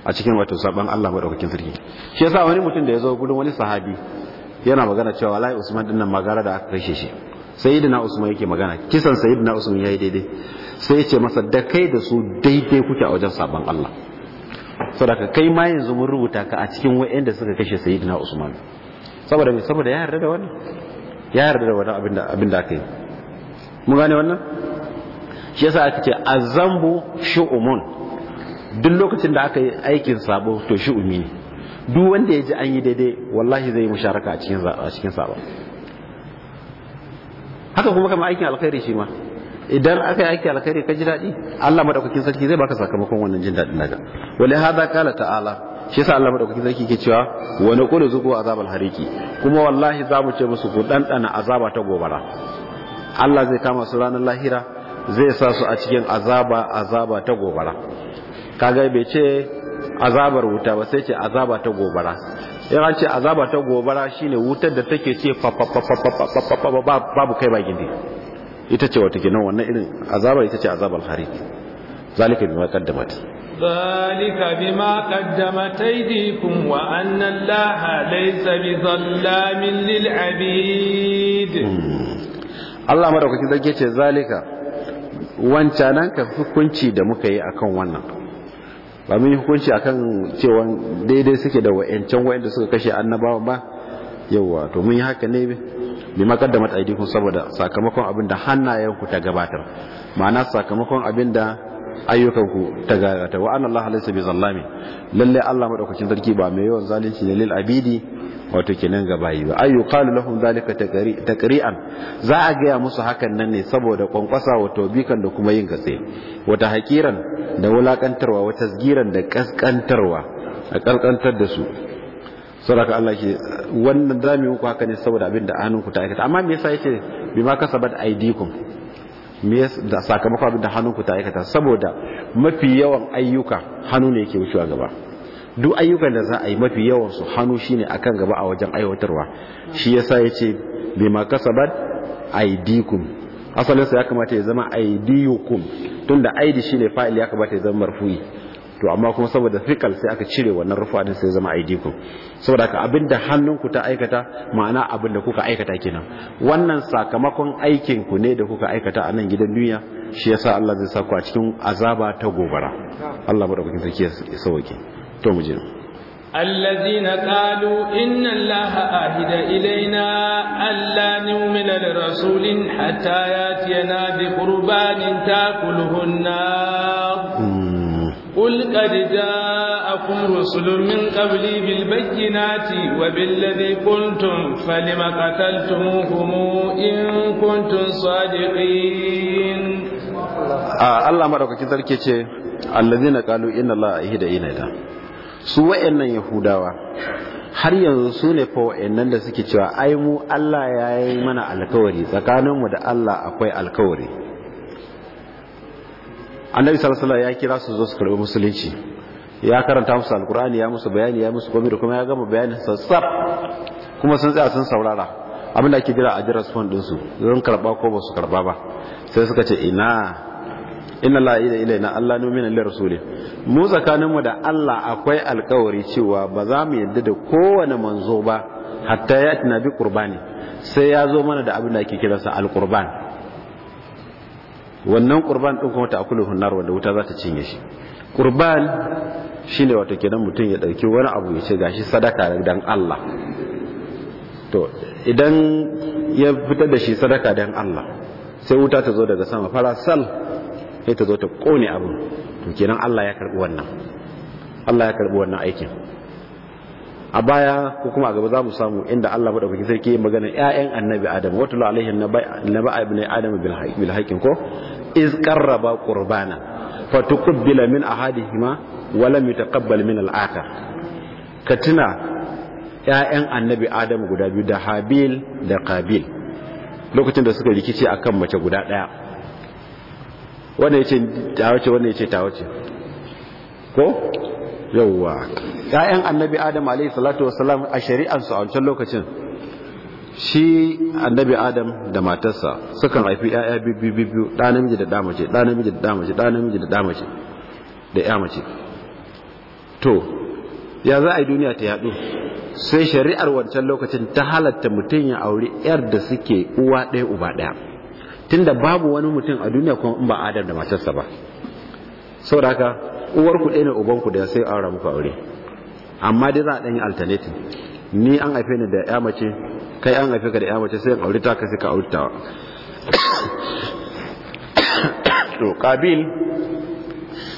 a cikin wato saban Allah madaukakin sarki shi yasa wani mutum da ya zo gurin wani sahabi yana magana cewa wallahi Usman din nan magara da aka kashe shi sayyidina Usman yake magana kisan sayyidina Usman yayi daidai sai ya ce masa da kai da su daidai kuke a wajen saban Allah saboda kai ma yanzu mun rubuta ka a cikin wa'anda suka kashe sayyidina usman saboda me saboda ya yarda da wannan ya yarda da wannan abinda abinda kai aka yi mun gane wannan shi yasa aka ce azambu shu'umun duk lokacin da aka yi aikin sabo to shu'umi ne duk wanda ya ji an yi daidai wallahi zai yi musharaka a cikin a cikin sabo haka kuma kamar aikin alkhairi shi ma idan aka yi aiki alkhairi ka ji daɗi Allah madaukakin sarki zai baka sakamakon wannan jin daɗin naka wala hada kala ta'ala shi yasa Allah madaukakin sarki ke cewa wa naqulu zuqu azabal hariki kuma wallahi za mu ce musu ku dandana azaba ta gobara Allah zai kama su ranar lahira zai sa su a cikin azaba azaba ta gobara kaga bai ce azabar wuta ba sai ce azaba ta gobara in an ce azaba ta gobara shine wutar da take ce babu kai ba gindi ita ce wata kenan wannan irin azabar ita ce azabar harik zalika bima qaddamat zalika bima qaddamat aydikum wa anna allaha laysa bizallamin lil abid hmm. Allah madaukaki zake ce zalika wancanan ka hukunci da muka yi akan wannan ba mun yi hukunci akan cewa daidai suke da wayancan wayanda suka kashe annabawa ba yauwa to mun yi haka ne lima qaddamat aydikum saboda sakamakon abin da hannayenku ta gabatar ma'ana sakamakon abin da ayyukanku ta gabatar wa anna allaha laysa bizallami lalle allah madaukakin sarki ba mai yawan zalunci ne lil abidi wato kenan ga ba ayu qalu lahum zalika taqri'an za a gaya musu hakan nan ne saboda kwankwasa wato bikan da kuma yin gatse wata hakiran da wulakantarwa wata zgiran da kaskantarwa a kalkantar da su saboda Allah ke wannan zami uku haka ne saboda abin da hannunku ta aikata amma me yasa yake bi ma kasabat aidikum me da sakamakon abin da hannunku ta aikata saboda mafi yawan ayyuka hannu ne yake wucewa gaba duk ayyukan da za a yi mafi yawan su hannu shine akan gaba a wajen aiwatarwa shi yasa yace bi ma kasabat aidikum asalin sa ya kamata ya zama aidiyukum tunda aidi shine fa'il ya kamata ya zama marfu'i to amma kuma saboda fikal sai aka cire wannan rufa din sai zama ku saboda haka abinda hannunku ta aikata ma'ana abinda kuka aikata kenan wannan sakamakon aikin ku ne da kuka aikata a nan gidan duniya shi yasa Allah zai sa ku a cikin azaba ta gobara Allah madaukakin sarki ya sauke to mu je الذين قالوا إن الله آهد إلينا ألا نؤمن لرسول حتى يأتينا بقربان تأكله النار قل قد جاءكم رسل من قبلي بالبينات وبالذي قلتم فلم قتلتموهم إن كنتم صادقين الله madaukakin sarki ce allazina qalu inna allaha ihda ilaina سوى wayannan yahudawa har yanzu su ne fa wa'annan da suke cewa ai mu Allah ya yi mana alkawari tsakaninmu da Allah akwai alkawari annabi sallallahu ya kira su zo su karbi musulunci ya karanta musu alkur'ani ya musu bayani ya musu komai da kuma ya gama bayani sassaf kuma sun tsaya sun saurara abin ake jira a jira sufan ɗinsu zan karɓa ko ba su karɓa ba sai suka ce ina ina la ila ila ina Allah na lera sule mu tsakanin mu da Allah akwai alkawari cewa ba za mu yadda da kowane manzo ba hatta ya tunabi kurbani sai ya zo mana da abin da ake kiransa alkurbani wannan kurban din kuma ta akulu hunnar wanda wuta za ta cinye shi kurban shine wato kenan mutum ya ɗauki wani abu ya ce gashi sadaka dan Allah to idan ya fitar da shi sadaka dan Allah sai wuta ta zo daga sama farasal sai ta zo ta kone abu to kenan Allah ya karɓi wannan Allah ya karbi wannan aikin a baya ko kuma a gaba za mu samu inda Allah madaukakin sarki ya magana ƴaƴan annabi Adam wato la alaihi nabi ibn Adam bil haqqin ko iz qarraba qurbana fatuqbila min ahadihima wa lam yutaqabbal min al-akhar ka tuna ƴaƴan annabi Adam guda biyu da Habil da Qabil lokacin da suka rikice akan mace guda daya wanda yace ta wace wanda yace ta ko yawwa ƴaƴan annabi adam alayhi salatu wassalam a shari'ar su a wancan lokacin shi annabi adam da matarsa sukan haifi ƴaƴa bibbi bibbi ɗa namiji da ɗa mace ɗa namiji da ɗa mace ɗa namiji da ɗa mace da ƴa mace to ya za a yi duniya ta yaɗu sai shari'ar wancan lokacin ta halatta mutum ya auri yar da suke uwa ɗaya uba ɗaya tunda babu wani mutum a duniya kuma in ba adam da matarsa ba saboda haka uwarku ɗaya ne ubanku da sai an ramu aure amma dai za a ɗanyi alternative ni an haife ni da ya mace kai an haife ka da ya mace sai an aure ta ka sai ka aure ta to qabil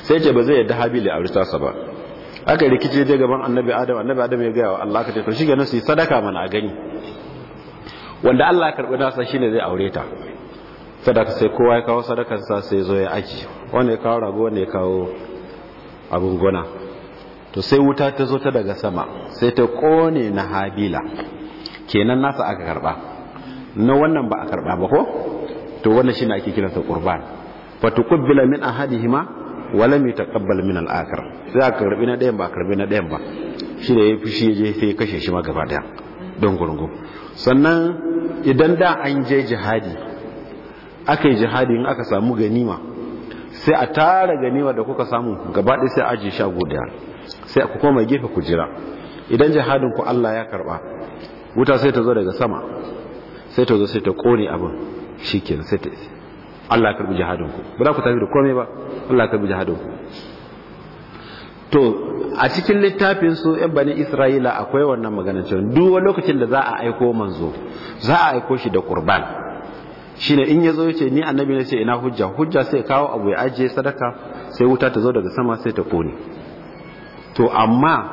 sai ce ba zai yadda habil ya aure sa ba aka rikice je gaban annabi adam annabi adam ya gaya wa Allah ka ce to shige nasu sadaka mana a gani wanda Allah ya karbi nasa shine zai aure ta sadaka sai kowa ya kawo sadakarsa sai zo ya aiki wanda ya kawo rago wanda ya kawo abin gona to sai wuta ta zo ta daga sama sai ta kone na habila kenan nasa aka karba na wannan ba a karba ba ko to wannan shine ake kiransa qurban fatuqbila min ahadihima wa lam yataqabbal min al-akhar sai aka karbi na ɗayan ba karbi na ɗayan ba shi da ya fushi je sai kashe shi ma gaba daya don gurgu sannan idan da an je jihadi aka yi jihadi in aka samu ganima sai a tara ganima da kuka samu gaba ɗaya sai ajiye sha guda sai ku koma gefe ku jira idan jihadin ku Allah ya karba wuta sai ta zo daga sama sai ta zo sai ta kone abin shikenan sai ta Allah ya karbi jihadin ku ba za ku tafi da komai ba Allah ya karbi jihadin ku to a cikin littafin su ɗan bani Isra'ila akwai wannan magana cewa duk lokacin da za a aiko manzo za a aiko shi da qurban shine in yazo yace ni annabi ne sai ina hujja hujja sai kawo abu ya ajiye sadaka sai wuta ta zo daga sama sai ta kone to amma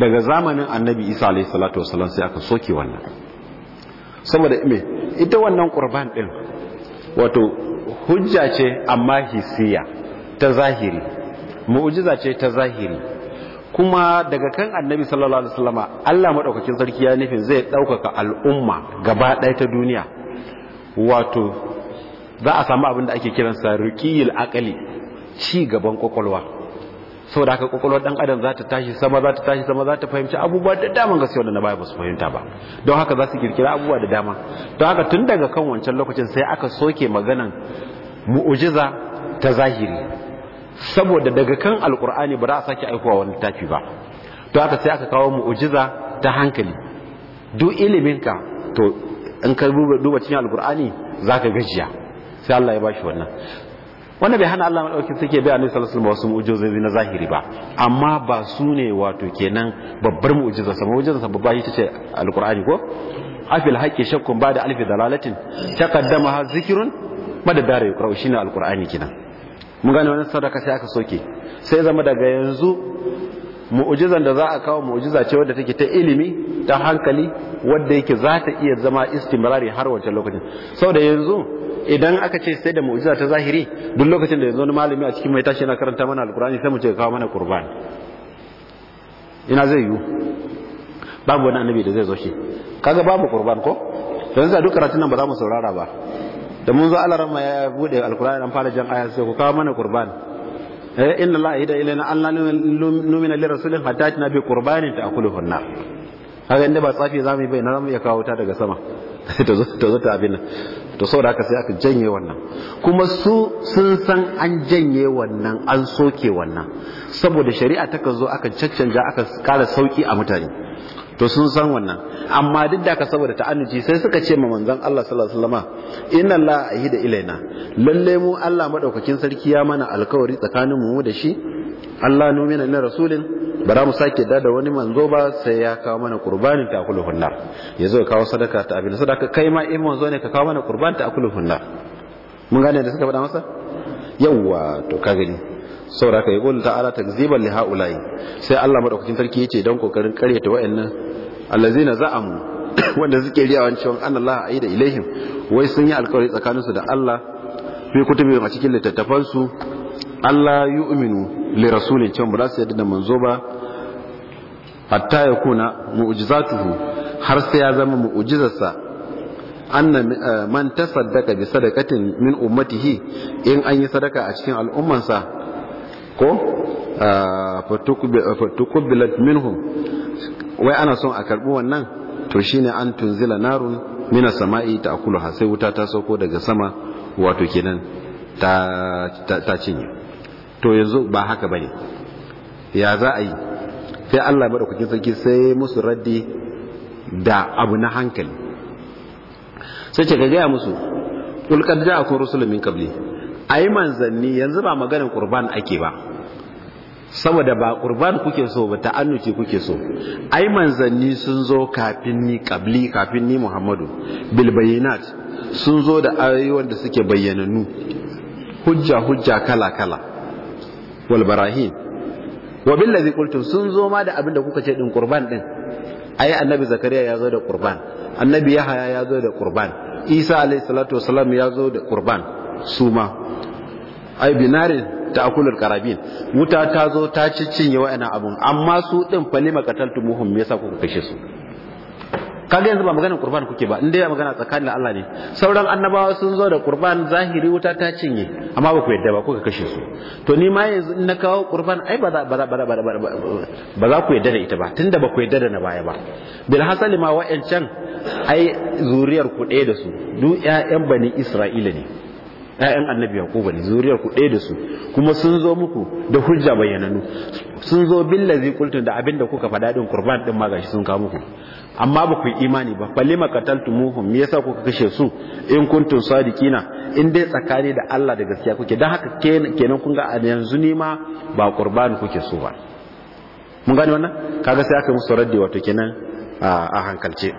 daga zamanin annabi isa alaihi salatu wasallam sai aka soke wannan saboda me ita wannan qurban din wato hujja ce amma hisiya ta zahiri mu'jiza ce ta zahiri kuma daga kan annabi sallallahu alaihi wasallama Allah madaukakin sarki ya nufin zai daukaka al'umma gaba ɗaya ta duniya wato za a samu abin da ake kiransa rukiyil akali ci gaban kwakwalwa saboda haka kwakwalwar dan adam za ta tashi sama za ta tashi sama za ta fahimci abubuwa da dama gaske wanda na baya ba su fahimta ba don haka za su kirkira abubuwa da dama don haka tun daga kan wancan lokacin sai aka soke maganan mu'ujiza ta zahiri saboda daga kan alkur'ani ba za a sake aikowa wani tafi ba don haka sai aka kawo mu'ujiza ta hankali duk iliminka to in ka duba cikin alkur'ani za ka gajiya sai Allah ya ba wannan wannan bai hana Allah madaukin suke bai annabi sallallahu alaihi wasallam wasu na zahiri ba amma ba su ne wato kenan babbar mu'jiza sama mu'jiza ba ba ta ce alkur'ani ko afil haqqi shakkun ba da alfi dalalatin taqaddama ha zikrun madadara yuqra'u shine alkur'ani kenan mun gane wannan sadaka sai aka soke sai zama daga yanzu mu'ujizan da za a kawo mu'ujiza ce wadda take ta ilimi ta hankali wadda yake za ta iya zama istimrari har wancan lokacin saboda yanzu idan aka ce sai da mu'ujiza ta zahiri duk lokacin da yanzu wani malami a cikin mai tashi yana karanta mana alkurani sai mu ce kawo mana kurban ina zai yiwu babu wani annabi da zai zo shi kaga babu kurban ko don za duk karatun nan ba za mu saurara ba da mun zo alaran ma ya bude alkurani an fara jan aya sai ku kawo mana kurban Eh, inna allaha hida ilaina an numina li rasulin hatta tina bi qurbanin ta akulu hunna haka inda ba tsafi zamu yi bai na zamu iya kawo ta daga sama to zo ta zo ta abin to saboda haka sai aka janye wannan kuma su sun san an janye wannan an soke wannan saboda shari'a ta zo aka caccanja aka kara sauki a mutane to sun san wannan amma duk da ka saboda ta'annuci sai suka ce ma manzon Allah sallallahu alaihi wasallam inna Allah ahida ilaina lalle mu Allah madaukakin sarki ya mana alkawari tsakanin mu da shi Allah numina na rasulin ba mu sake da wani manzo ba sai ya kawo mana qurbanin ta kullu hunna yazo ya kawo sadaka ta abin sadaka kai ma in manzo ne ka kawo mana qurbanin ta kullu hunna mun gane da suka faɗa masa yawa to ka gani saboda haka ala ta takziban li haula'i sai Allah maɗaukacin sarki ce don kokarin karyata za allazina za'amu wanda suke riyawan cewa yi da ilaihim wai sun yi alkawari tsakaninsu da Allah fi kutubi a cikin littattafansu Allah yi uminu li rasulin cewa ba za su yadda da manzo ba A ya kuna har sai ya zama mu'jizarsa anna eh, man tasaddaka bi sadaqatin min ummatihi in an yi sadaka a cikin al'ummansa ko ah, fatukubilat ah, minhum wai ana son a karbi wannan to shine an tunzila narun mina sama'i ta ha sai wuta ta sauko daga sama wato kenan ta cinye to yanzu ba haka bane ya za a yi sai Allah kuke sarki sai musu raddi da abu na hankali sai ce ga gaya musu ulqad ja'akum rusulun min qabli a yi manzanni yanzu ba maganin kurban ake ba saboda ba ƙurban kuke so ba ta'annuci kuke so yi manzanni sun zo kafin ni ƙabli kafin ni muhammadu Bilbayinat sun zo da ayoyi da suke bayyananu hujja hujja kala kala Walbarahim Wabin wa bil sun zo ma da abin da kuka ce din kurban din yi annabi zakariya ya zo da kurban annabi yahaya ya zo da kurban isa alayhi salatu wasalam ya zo da ƙurban su ma ai binarin ta karabin wuta ta zo ta cinye wa'annan abun amma su din fa lima muhum me yasa kuka kashe su kaga yanzu ba maganar qur'an kuke ba indai magana tsakanin Allah ne sauran annabawa sun zo da qur'an zahiri wuta ta cinye amma ba ku yadda ba kuka kashe su to ni ma yanzu in na kawo qur'an ai ba za ba za ba za ba za ku yadda da ita ba tunda ba ku yadda da na baya ba bil hasali ma wa'ancan ai zuriyar ku ɗaya da su duk ƴaƴan bani Isra'ila ne ƴaƴan annabi yaquba ne zuriyar ku ɗaya da su kuma sun zo muku da hujja bayyananu sun zo lazi kultun da abinda kuka faɗa ɗin kurban ɗin ma gashi sun kawo muku amma ba ku yi imani ba falle tumuhun me yasa kuka kashe su in kuntun sadiqina in dai tsakani da Allah da gaskiya kuke dan haka kenan kun ga yanzu ne ma ba kurban kuke so ba mun gane wannan kaga sai aka musu raddi wato kenan a hankalce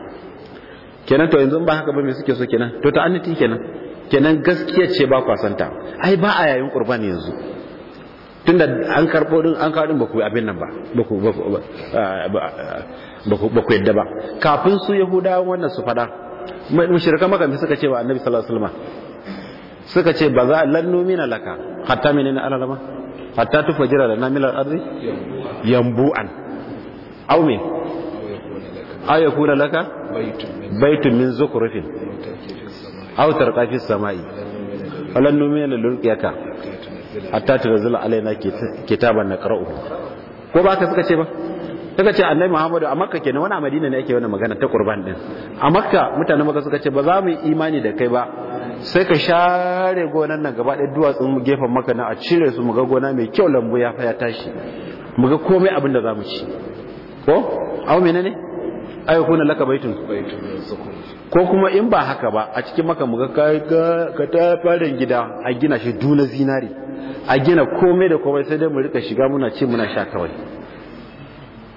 kenan to yanzu ba haka ba me suke so kenan to ta annati kenan kenan gaskiya ce ba kwa santa ai ba a yayin kurbani yanzu tunda an karbo din an kawo din ba ku abin nan ba ah, ba ku ba ku yadda ba kafin su yahudawan wannan su fada maka makamai suka ce wa annabi sallallahu alaihi wasallam suka ce ba za lan numina laka hatta menene alalama hatta tufajira lana min al-ardi yambu'an aw min ayakuna laka baytun min zukrufin autar kafin sama'i falon nume na hatta ta alaina kitaban na ko ba ka suka ce ba suka ce annabi muhammadu a makka kenan wani a madina ne ake wani magana ta kurban din a makka mutane maka suka ce ba za mu yi imani da kai ba sai ka share gonan nan gaba ɗaya duwatsun gefen maka na a cire su muga gona mai kyau lambu ya fa ya tashi Muga komai abin da za mu ci ko au menene ne ay laka baitun ko kuma in ba haka ba a cikin maka muga ka ta fara gida a gina shi duna zinari a gina komai da komai sai dai mu rika shiga muna ce muna sha kawai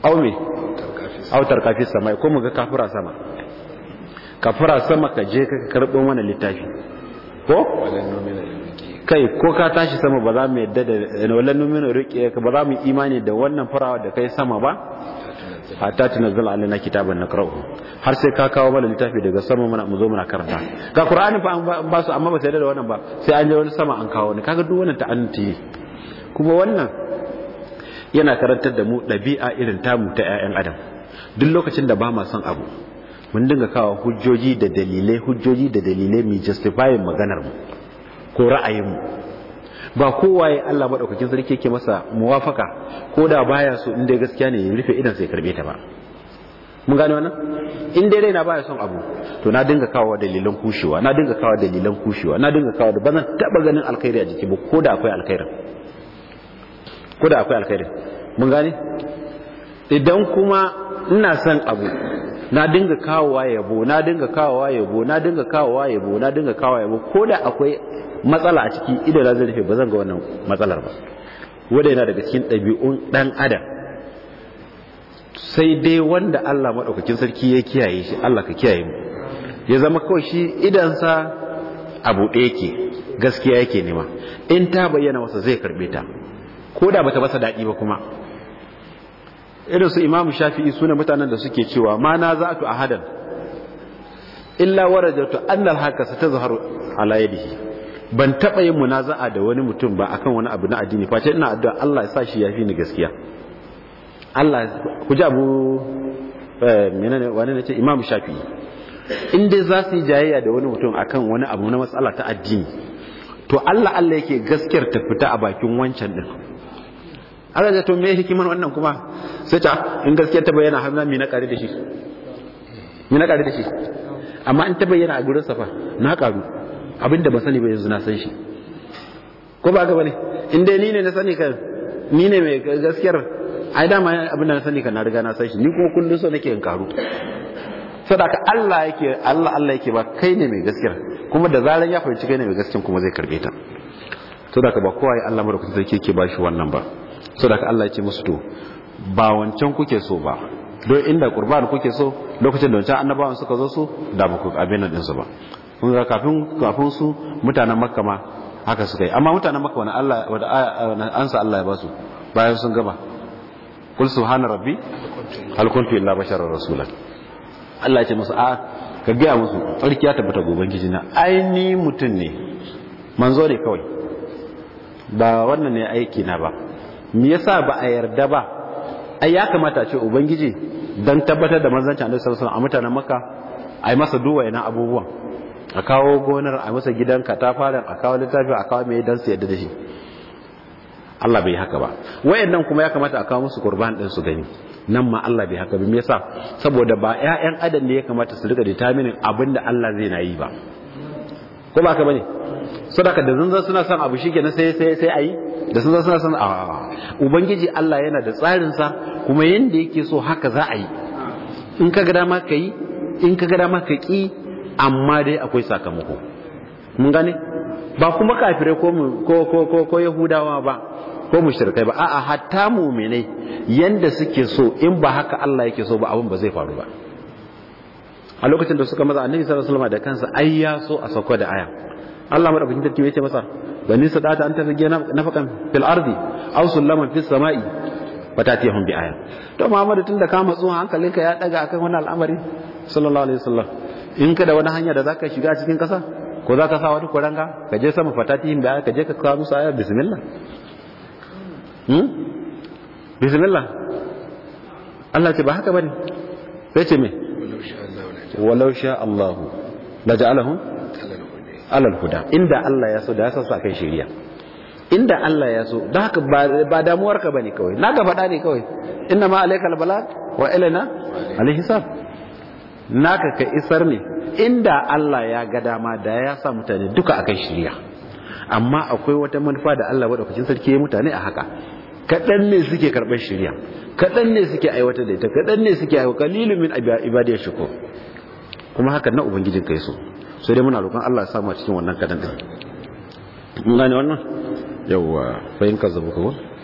au me autar kafi sama ko muga kafura sama kafura sama ka je ka karɓo mana littafi ko kai ko ka tashi sama ba za mu yadda da wallan numina rike ba za mu imani da wannan farawa da kai sama ba hatta tunzila alaina kitaban naqra'u har sai ka kawo mana littafi daga sama muna mu zo muna karanta ga qur'ani fa an ba su amma ba sai da wannan ba sai an je wani sama an kawo ne kaga duk wannan ta'anti kuma wannan yana karantar da mu dabi'a irin tamu ta 'ya'yan adam duk lokacin da ba ma son abu mun dinga kawo hujjoji da dalilai hujjoji da dalilai muyi justify maganar mu ko ra'ayin mu ba kowaye Allah maɗaukakin sarki yake masa muwafaka ko da baya so in dai gaskiya ne ya rufe idan sai karbe ta ba mun gane wannan in dai raina baya son abu to na dinga kawo dalilan kushewa na dinga kawo dalilan kushewa na dinga kawo da bazan taba ganin alkhairi a jiki ba ko da akwai alkhairin ko da akwai alkhairin mun gane idan kuma ina son abu na dinga kawowa yabo na dinga kawowa yabo na dinga kawowa yabo na dinga kawowa yabo ko da akwai matsala a ciki idan na zai rufe ba zan ga wannan matsalar ba wanda yana daga cikin ɗabi'un ɗan adam sai dai wanda Allah maɗaukakin sarki ya kiyaye shi Allah ka kiyaye mu ya zama kawai shi idansa a buɗe yake gaskiya yake nema in ta bayyana masa zai karɓe ta ko da bata masa daɗi ba kuma irin su imamu shafi'i suna mutanen da suke cewa ma na a hadan illa warajatu anna al ta zaharu ala yadihi ban taɓa yin munaza'a da wani mutum ba akan wani abu na addini face ina addu'a Allah ya sa shi yafi ni gaskiya Allah ku ji abu eh, menene wani ne ce Imam Shafi'i in dai za su yi jayayya da wani mutum akan wani abu na matsala ta addini to Allah Allah yake gaskiyar ta fita a bakin wancan din Allah ya to me hikimar wannan kuma sai ta in gaskiyar ta bayyana har na mi na kare da shi mi na kare da shi amma in ta bayyana a gurin safa na karu Abin da ba sani ba yanzu na san shi ko ba gaba ne in dai ni ne na sani kan ni ne mai gaskiyar ai dama da na sani kan na riga na san shi ni kuma kullum so nake in karu sadaka Allah yake Allah Allah yake ba kai ne mai gaskiyar kuma da zaran ya fahimci kai ne mai gaskiyar kuma zai karbe ta sadaka ba kowa ya Allah madaukakin sarki yake ba shi wannan ba sadaka Allah ya ce musu to ba wancan kuke so ba don inda qurban kuke so lokacin da wancan annabawan suka zo su da ba ku abin nan din su ba kun ga kafin kafin su mutanen makka ma haka suka yi amma mutanen makka wani Allah wani ansa Allah ya ba su bayan sun gaba kul subhana rabbi hal kuntu illa basharar rasula Allah ya ce musu a ka gaya musu tsarki ya tabbata goben gijina na ni mutum ne manzo ne kawai ba wannan ne aiki na ba me yasa ba a yarda ba ai ya kamata a ce ubangiji dan tabbatar da manzancin canza sallallahu alaihi wasallam a mutanen makka ai masa duwaye na abubuwan a kawo gonar a masa gidan katafaren a kawo littafi a kawo mai dan su yadda da shi Allah bai haka ba wayannan kuma ya kamata a kawo musu kurban din su gani nan ma Allah bai haka ba me yasa saboda ba ƴaƴan adam ne ya kamata su rika determining abinda da Allah zai na yi ba ko ba ka bane sadaka da zanzan suna son abu shikenan sai sai sai ayi da zanzan suna son a ubangiji Allah yana da tsarin sa kuma yanda yake so haka za a yi in ka ga dama ka yi in ka ga dama ka ki amma dai akwai sakamako mun gane ba kuma kafirai ko ko ko ko yahudawa ba ko mushrikai ba a'a hatta mu'minai yanda suke so in ba haka Allah yake so ba abin ba zai faru ba a lokacin da suka maza annabi sallallahu alaihi wasallam da kansa ai ya so a sako da aya Allah madaukakin sarki yace masa bani sadata an tafi nafakan fil ardi aw sulaman fis sama'i fatatihum bi aya to Muhammad tunda ka matsu hankalinka ya daga akan wannan al'amari sallallahu alaihi wasallam in ka da wani hanya da za ka shiga cikin kasa ko za ka sa wata kuranga ka je sama fatatihin da ka je ka kawo musu aya bismillah hmm bismillah Allah ce ba haka bane sai ce me walau sha Allah la ja'alahum alal huda inda Allah ya so da ya sa kai shari'a inda Allah ya so da haka ba damuwarka bane kawai na ga fada ne kawai inna ma alaikal bala wa ilaina alhisab naka ka isar ne inda Allah ya ga dama da ya sa mutane duka akan shirya amma akwai wata manufa da Allah madaukakin sarki ya mutane a haka kaɗan ne suke karɓar shirya kaɗan ne suke aiwatar da ita kaɗan ne suke aiwata kalilun min ibadiyar shiko kuma hakan na ubangijin kai so sai dai muna roƙon Allah ya samu a cikin wannan kaɗan ɗin mun gane wannan yawwa fahimkar zabu kawai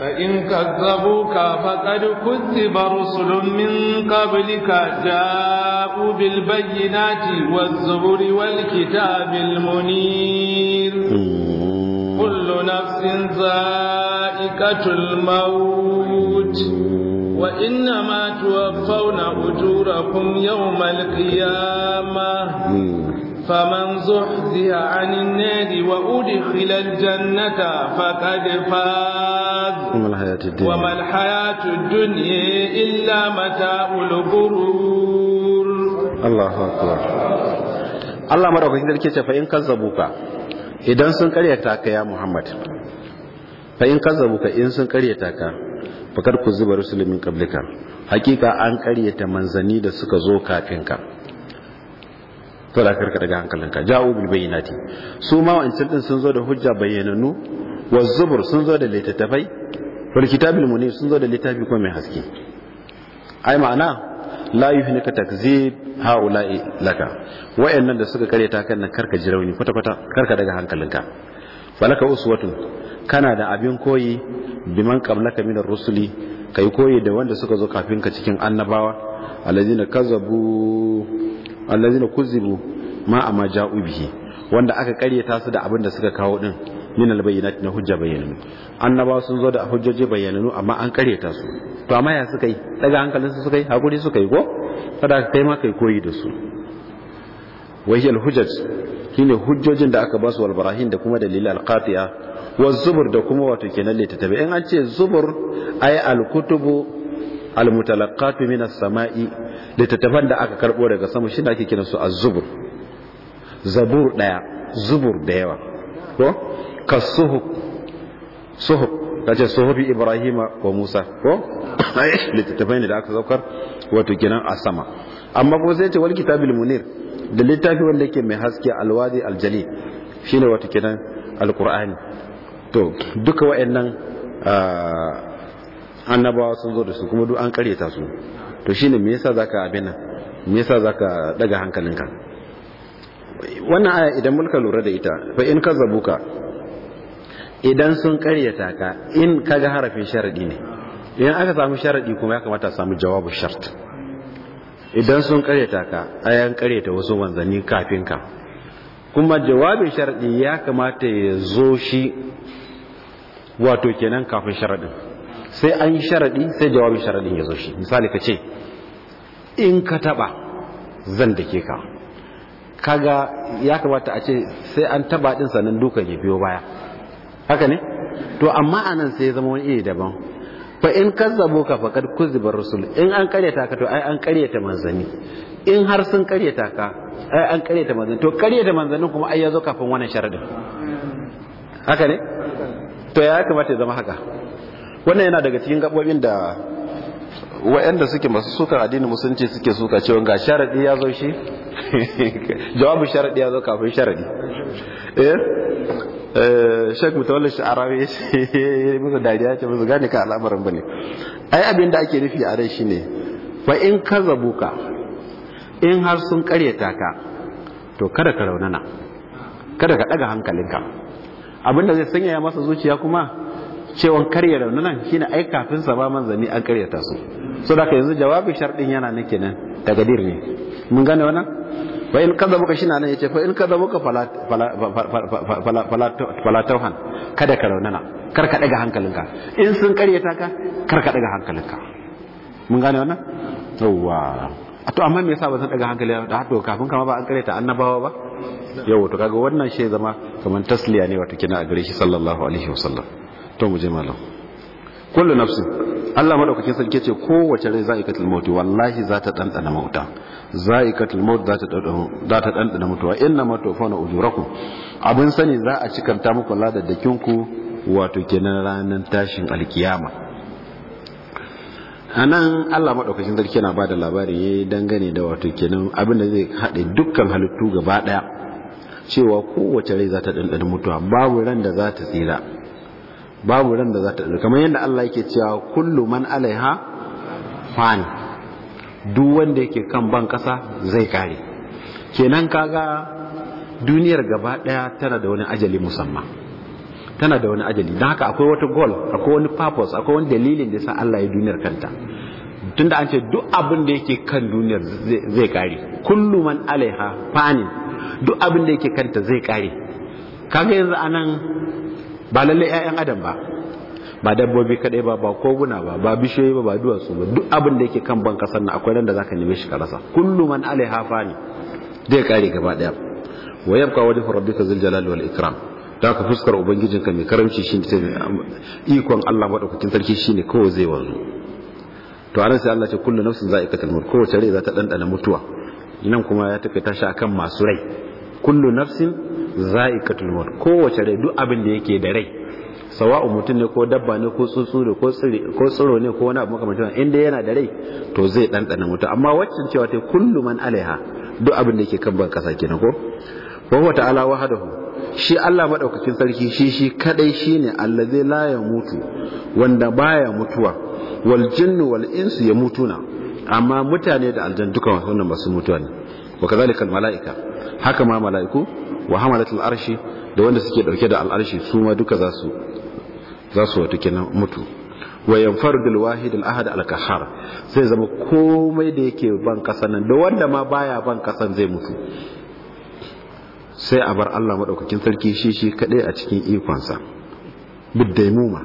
فإن كذبوك فقد كذب رسل من قبلك جاءوا بالبينات والزبر والكتاب المنير كل نفس ذائقة الموت وإنما توفون أجوركم يوم القيامة فمن زحزح عن النار وأدخل الجنة فقد فاز وما الحياة الدنيا إلا متاع الغرور الله أكبر Allah madaukakin sarki ce fa in kazzabuka idan sun karyata ka ya Muhammad fa in kazzabuka in sun karyata ka kar ku zuba rusulun min qablika hakika an karyata manzani da suka zo kafin ka to da karka daga hankalinka ja'u bil bayyinati su ma wa'ancan din sun zo da hujja bayyanannu wa zubur sun zo da littattafai wal kitabil munir sun zo da littafi ko mai haske ai ma'ana la yuhnika takzib haula'i laka wayannan da suka ta kan karka ji rauni kwata kwata karka daga hankalinka falaka uswatun kana da abin koyi biman qablaka min rusuli kai koyi da wanda suka zo kafin ka cikin annabawa alladhina kazzabu. allazina kuzibu ma amma ja'u bihi wanda aka karyata su da abin da suka kawo din min albayyinat na hujja bayyanu annaba sun zo da hujjoji bayyana amma an karyata su to amma ya suka yi daga hankalin su suka yi hakuri suka yi ko kada ka kai ma kai koyi da su wahiyal hujjaj shine hujjojin da aka basu su walbarahin da kuma dalilin alqatiya wa zubur da kuma wato kenan littattafai in an ce zubur ay alkutubu al minas sama'i littattafan da aka karbo daga sama shi da ake kiransu az-zubur zabur daya zubur da yawa ko kasuhuf suhuf kace suhufi ibrahima wa musa ko littattafai da aka saukar wato kenan a sama amma ko sai ce wal kitabil munir da littafi wanda yake mai haske alwadi aljali shine wato kenan alqur'ani to duka wayannan ah, annabawa sun zo da su kuma duk an karyata su to shine me yasa zaka abin nan me yasa zaka daga hankalinka wannan aya idan mulka lura da ita fa in zabuka. idan sun karyata ka in kaga harafin sharadi ne idan aka samu sharadi kuma ya kamata a samu jawabu shart idan sun karyata ka ayan karyata wasu manzanni kafin ka kuma jawabin sharadi ya kamata ya zo shi wato kenan kafin sharadin sai an yi sharaɗi sai jawabin sharaɗin ya zo shi misali ka ce in ka taɓa zan da ke ka kaga ya kamata a ce sai an taɓa ɗin sannan dukan ya biyo baya haka ne to amma anan sai ya zama wani iri daban fa in zabo ka faqad kuzibar rusul in an karyata ka to ai an karyata manzanni in har sun karyata ka ai an karyata manzanni to karyata manzannin kuma ai ya zo kafin wannan sharaɗin haka ne to ya kamata ya zama haka wannan yana daga cikin gabobin da wa'anda suke masu suka addinin musulunci suke suka cewa ga sharadi ya zo shi jawabu sharadi ya zo kafin sharadi eh shek shi arabi ya musu dariya ce musu gane ka al'amarin bane ai abin da ake nufi a rai shine fa in kazabuka in har sun karyata ka to kada ka raunana kada ka daga hankalinka abin da zai sanya masa zuciya kuma cewa karya shi shine ai kafin sa ba manzanni an karyata su so da yanzu jawabin shardin yana nan da gadir ne mun gane wannan wa in kaza muka na nan yace fa in kaza muka Tauhan, kada ka raunana kar ka daga hankalinka in sun karyata ka kar ka daga hankalinka mun gane wannan a to amma me yasa ba zan daga hankali da hato kafin kama ba an karyata annabawa ba yau to kaga wannan shi zama kaman tasliya ne wato kina a gare shi sallallahu alaihi wasallam to mu je malam kullu nafsin Allah madaukakin sarki ce kowace rai za'iqatul maut wallahi za ta dandana mauta za'iqatul maut za ta dandana za ta dandana mutuwa inna ma tawfana ujurakum abin sani za a cikanta muku ladaddakin ku wato kenan ranan tashin alkiyama anan Allah madaukakin sarki yana bada labari yayi dangane da wato kenan abin da zai hade dukkan halittu gaba daya cewa kowace rai za ta dandana mutuwa babu ran da za ta tsira babu ran da za ta kamar yadda Allah yake cewa kullu man alaiha fan duk wanda yake kan ban kasa zai kare kenan kaga duniyar gaba ɗaya tana da wani ajali musamman tana da wani ajali don haka akwai wata goal akwai wani purpose akwai wani dalilin da sa Allah ya duniyar kanta tunda an ce duk abin da yake kan duniyar zai kare kullu man alaiha fani duk abin da yake kanta zai kare kaga yanzu anan ba lalle 'ya'yan adam ba ba dabbobi kadai ba ba koguna ba ba bishiyoyi ba ba duwatsu ba duk abin da yake kan ban kasar na akwai da zaka neme shi ka rasa kullu man alaiha fani zai kare gaba daya wa yabqa wajhu rabbika zil jalal wal ikram da ka fuskar ubangijinka mai karamci shi ne ikon Allah madaukakin sarki ne kawai zai wanzu to anan sai Allah ce kullu nafsin za'iqatul maut kowace rai za ta dandana mutuwa nan kuma ya tafi tashi akan masu rai kullu nafsin za'iqatul maut kowace rai duk abin da yake da rai sawa'u mutum ne ko dabba ne ko tsuntsu ne ko tsiro ne ko wani abu makamantar inda yana da rai to zai ɗanɗana mutu amma waccan cewa ta kullu man alaiha duk abin da yake kan ban kasa kina ko wa huwa ta'ala wahdahu shi Allah madaukakin sarki shi shi kadai shine allazi la ya mutu wanda baya mutuwa wal jinnu wal insu ya mutuna amma mutane da aljan dukan wannan masu mutuwa ne wa kazalika mala'ika haka ma mala'iku wa hamalatul arshi da wanda suke dauke da al'arshi su ma duka za su za su wato kenan mutu wa yanfardul wahid al ahad al qahhar sai zama komai da yake ban kasan nan da wanda ma baya ban kasan zai mutu sai a bar Allah madaukakin sarki shi shi kadai a cikin ikonsa biddaimuma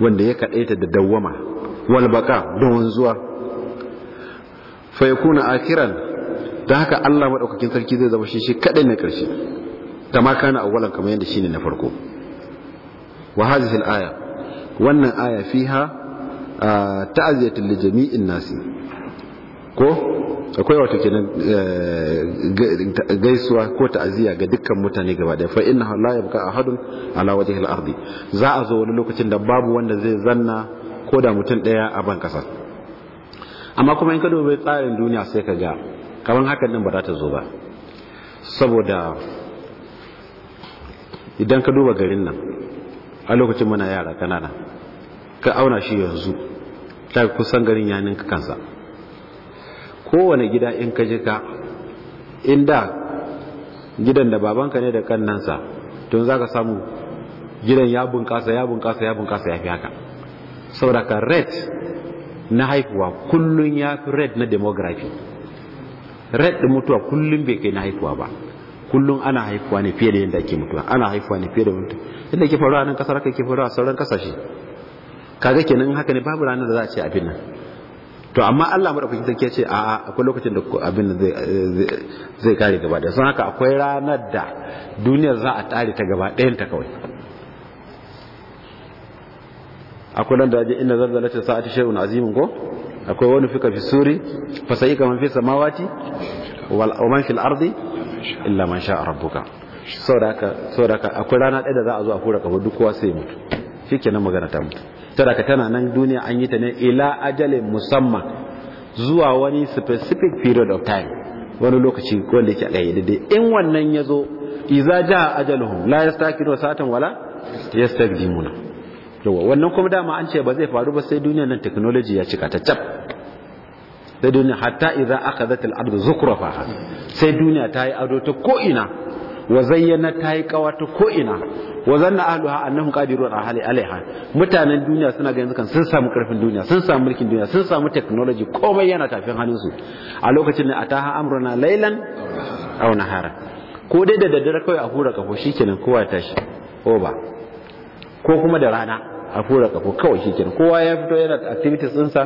wanda ya kadaita da dawwama wal baqa da wanzuwa fa yakuna akhiran da haka Allah madaukakin sarki zai zama shi shi kadai na karshe kama kana awwalan kamar yadda shine na farko wa hadhihi al-aya wannan aya fiha ta'ziyatun li jami'in nasi ko akwai wato kenan e, gaisuwa ko ta'ziya ga dukkan mutane gaba daya fa inna la yabqa ahadun ala wajhi al-ardi za a zo wani lokacin da babu wanda zai zanna ko da mutum daya a ban kasa amma kuma in ka dubi tsarin duniya sai ka ga kamar hakan din ba za ta zo ba saboda idan ka duba garin nan a lokacin muna yara kanana ka auna shi yanzu ta kusan garin ya ninka kansa kowane gida in ka jika inda gidan da babanka ne da kannansa don za ka samu gidan ya bunkasa ya bunkasa ya bunkasa ya fi haka saboda ka red na haifuwa kullum ya fi red na red da mutuwa kullum bai kai na haihuwa ba kullum ana haifuwa ne fiye da yadda ake mutuwa ana haifuwa ne fiye da mutuwa inda ke faruwa nan kasar haka ke faruwa sauran kasashe kaga kenan haka ne babu ranar da za a ce abin nan to amma Allah da sarki ke ce a akwai lokacin da abin nan zai kare gaba da sun haka akwai ranar da duniyar za a tare ta gaba ɗayan ta kawai akwai nan da ya inna zalzalatin sa'ati shay'un azimin ko akwai wani fika fi suri fa sai kaman fi samawati wal man fil ardi illa man sha'a rabbuka saboda haka akwai rana ɗaya da za a zo a kura kafa duk kowa sai mutu shikenan magana ta mutu saboda tana nan duniya an yi ta ne ila ajali musamman zuwa wani specific period of time wani lokaci wanda yake a daidai in wannan ya zo iza ja ajaluhum la yastakiru satan wala yastaqdimuna yawa wannan kuma dama an ce ba zai faru ba sai duniyar nan technology ya cika ta cap da duniya hatta idza akhadhat al-ardu zukrafaha sai duniya ta yi ado ta ko'ina wa zayyana ta yi kawa ta ko'ina wa zanna ahluha annahum qadirun alaiha mutanen duniya suna ganin kan sun samu karfin duniya sun samu mulkin duniya sun samu technology komai yana tafin hannunsu a lokacin da ataha amruna laylan aw nahara ko dai da daddare kawai a hura kafo shikenan kowa tashi oba ko kuma da rana a hura kafo kawai shikenan kowa ya fito yana activities ɗinsa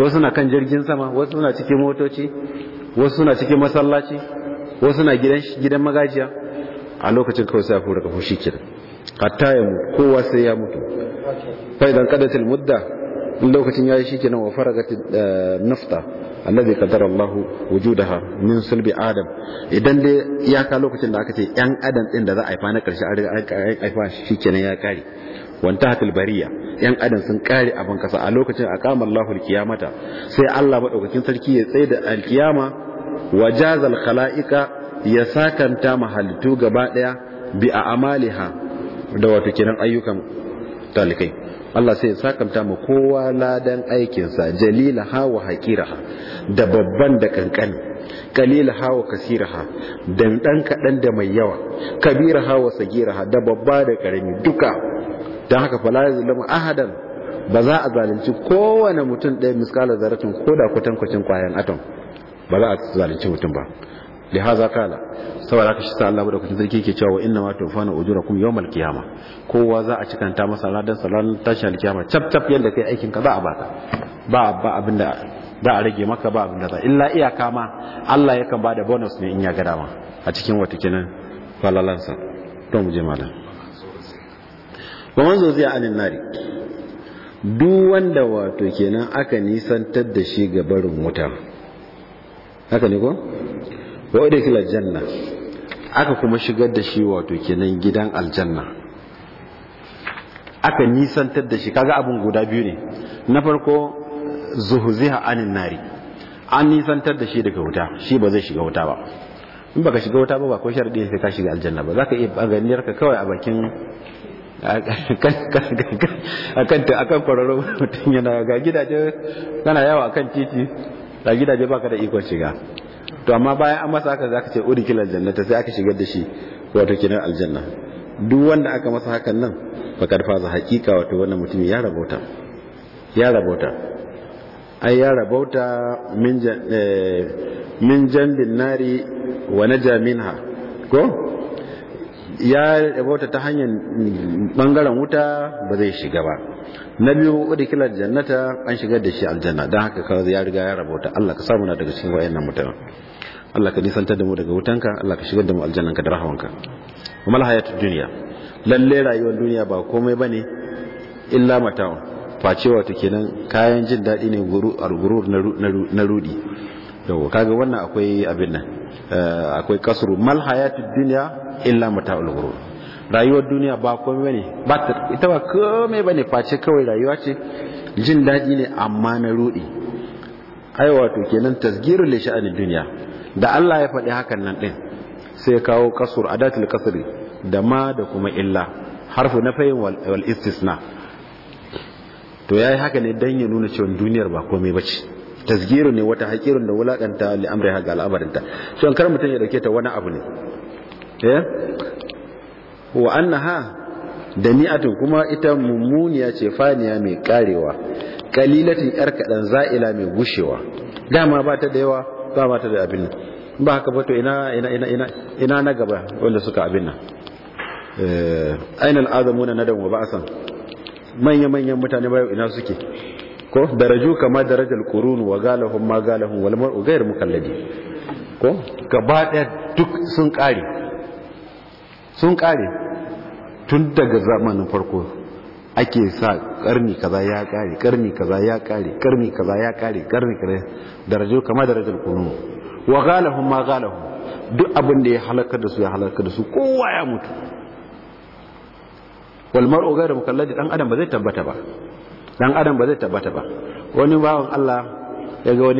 wasu na kan jirgin sama wasu na cikin motoci wasu suna cikin masallaci wasu suna gidan magajiya a lokacin kawai sai fura kafin shi kenan hatta ya mutu kowa sai ya mutu fa idan qadatil mudda in lokacin yayi shi kenan wa faragat eh, nafta alladhi qaddara Allah wujudaha min sulbi adam idan dai ya ka lokacin da aka ce yan adam din da za a haifa na karshe an riga an haifa shi kenan ya kare wantahat albariya yan adam sun kare abin kasa a lokacin kamar Allahu alqiyamata sai Allah maɗaukacin sarki ya tsaye da alkiyama wajazal khalaiqa ya sakanta mahalittu gaba ɗaya bi a'maliha da wato kiran ayyukan talikai Allah sai ya sakanta ma kowa ladan aikinsa jalila hawa haƙiraha da babban da kankan kalila hawa kasiraha dan dan kadan da mai yawa kabira hawa sagiraha da babba da karami duka don haka fala ya zulama ahadan ba za a zalunci kowane mutum ɗaya miskalar zaratin ko da kwacin kwayan atom ba za a zalunci mutum ba da haza kala saboda haka shi sa Allah madaukakin sarki yake cewa inna ma tawfana ujurakum yawmal Ko kowa za a cikanta masa ladan salan tashi kiyama cap cap yanda kai aikin ka za a baka ba ba da za a rage maka ba abin da za illa iyaka ma Allah yakan bada bonus ne in ya ga dama a cikin wata kenan falalansa don mu je malam ba man zai anin nari duk wanda wato kenan aka nisantar da shi ga barin wuta haka ne ko wa kila janna aka kuma shigar da shi wato kenan gidan aljanna aka nisantar da shi kaga abun guda biyu ne na farko zuhuziha anin nari an nisantar da shi daga wuta shi ba zai shiga wuta ba in baka shiga wuta ba ba ko sharadi sai ka shiga aljanna ba zaka iya baganiyar ka kawai a bakin akan ta akan kwararro mutum yana ga gidaje kana yawa akan titi ga gidaje baka da ikon shiga to amma bayan an masa haka zaka ce urikil jannata sai aka shigar da shi wato kinan aljanna duk wanda aka masa hakan nan da fasa hakika wato wannan mutum ya rabauta ya rabauta ai ya rabauta min jan eh, min jan nari wa najaminha ko ya rabauta ta hanyar bangaren wuta ba zai shiga ba na biyu udikilar jannata an shigar da shi aljanna don haka kawai ya riga ya rabauta Allah ka samu na daga cikin wayannan mutane Allah ka nisantar da mu daga wutanka Allah ka shigar da mu aljannanka da rahawanka kuma lahayatu duniya lalle rayuwar duniya ba komai ba ne illa mata'un face wato kenan kayan jin daɗi ne gurur na rudi yau kaga wannan akwai abin nan eh, akwai kasru mal hayatud illa mata'ul ghurur rayuwar duniya ba komai bane ba ita ba komai bane face kawai rayuwa ce jin daɗi ne amma na rudi ai wato kenan tasgirul li sha'anid duniya da Allah ya faɗi hakan nan din sai kawo kasur adatul kasri da ma da kuma illa harfu na fayin wal istisna to yayi haka ne dan ya nuna cewa duniyar ba komai bace tasgiru ne wata haƙirin da wulakanta li amriha ga al'amarinta to an kar mutun ya dauke ta wani abu ne eh ha da ni'atun kuma ita mummuniya ce faniya mai karewa kalilatin yar kadan za'ila mai gushewa dama ba ta da yawa ba ba ta da abin nan ba haka ba to ina ina ina ina na gaba wanda suka abin nan eh ainal azamuna nadan wa ba'san manya manyan mutane bayo ina suke ko daraju kama darajal qurun wa galahum ma galahum wal mar'u ghayr mukalladi ko gaba daya duk sun kare sun kare tun daga zamanin farko ake sa karni kaza ya kare karni kaza ya kare karni kaza ya kare karni kaza darajo kama darajar kunu wa galahum ma galahum duk abin da ya halaka da su ya halaka da su kowa ya mutu wal mar'u ghayru mukallad dan adam ba zai tabbata ba dan adam ba zai tabbata ba wani bawan Allah ya ga wani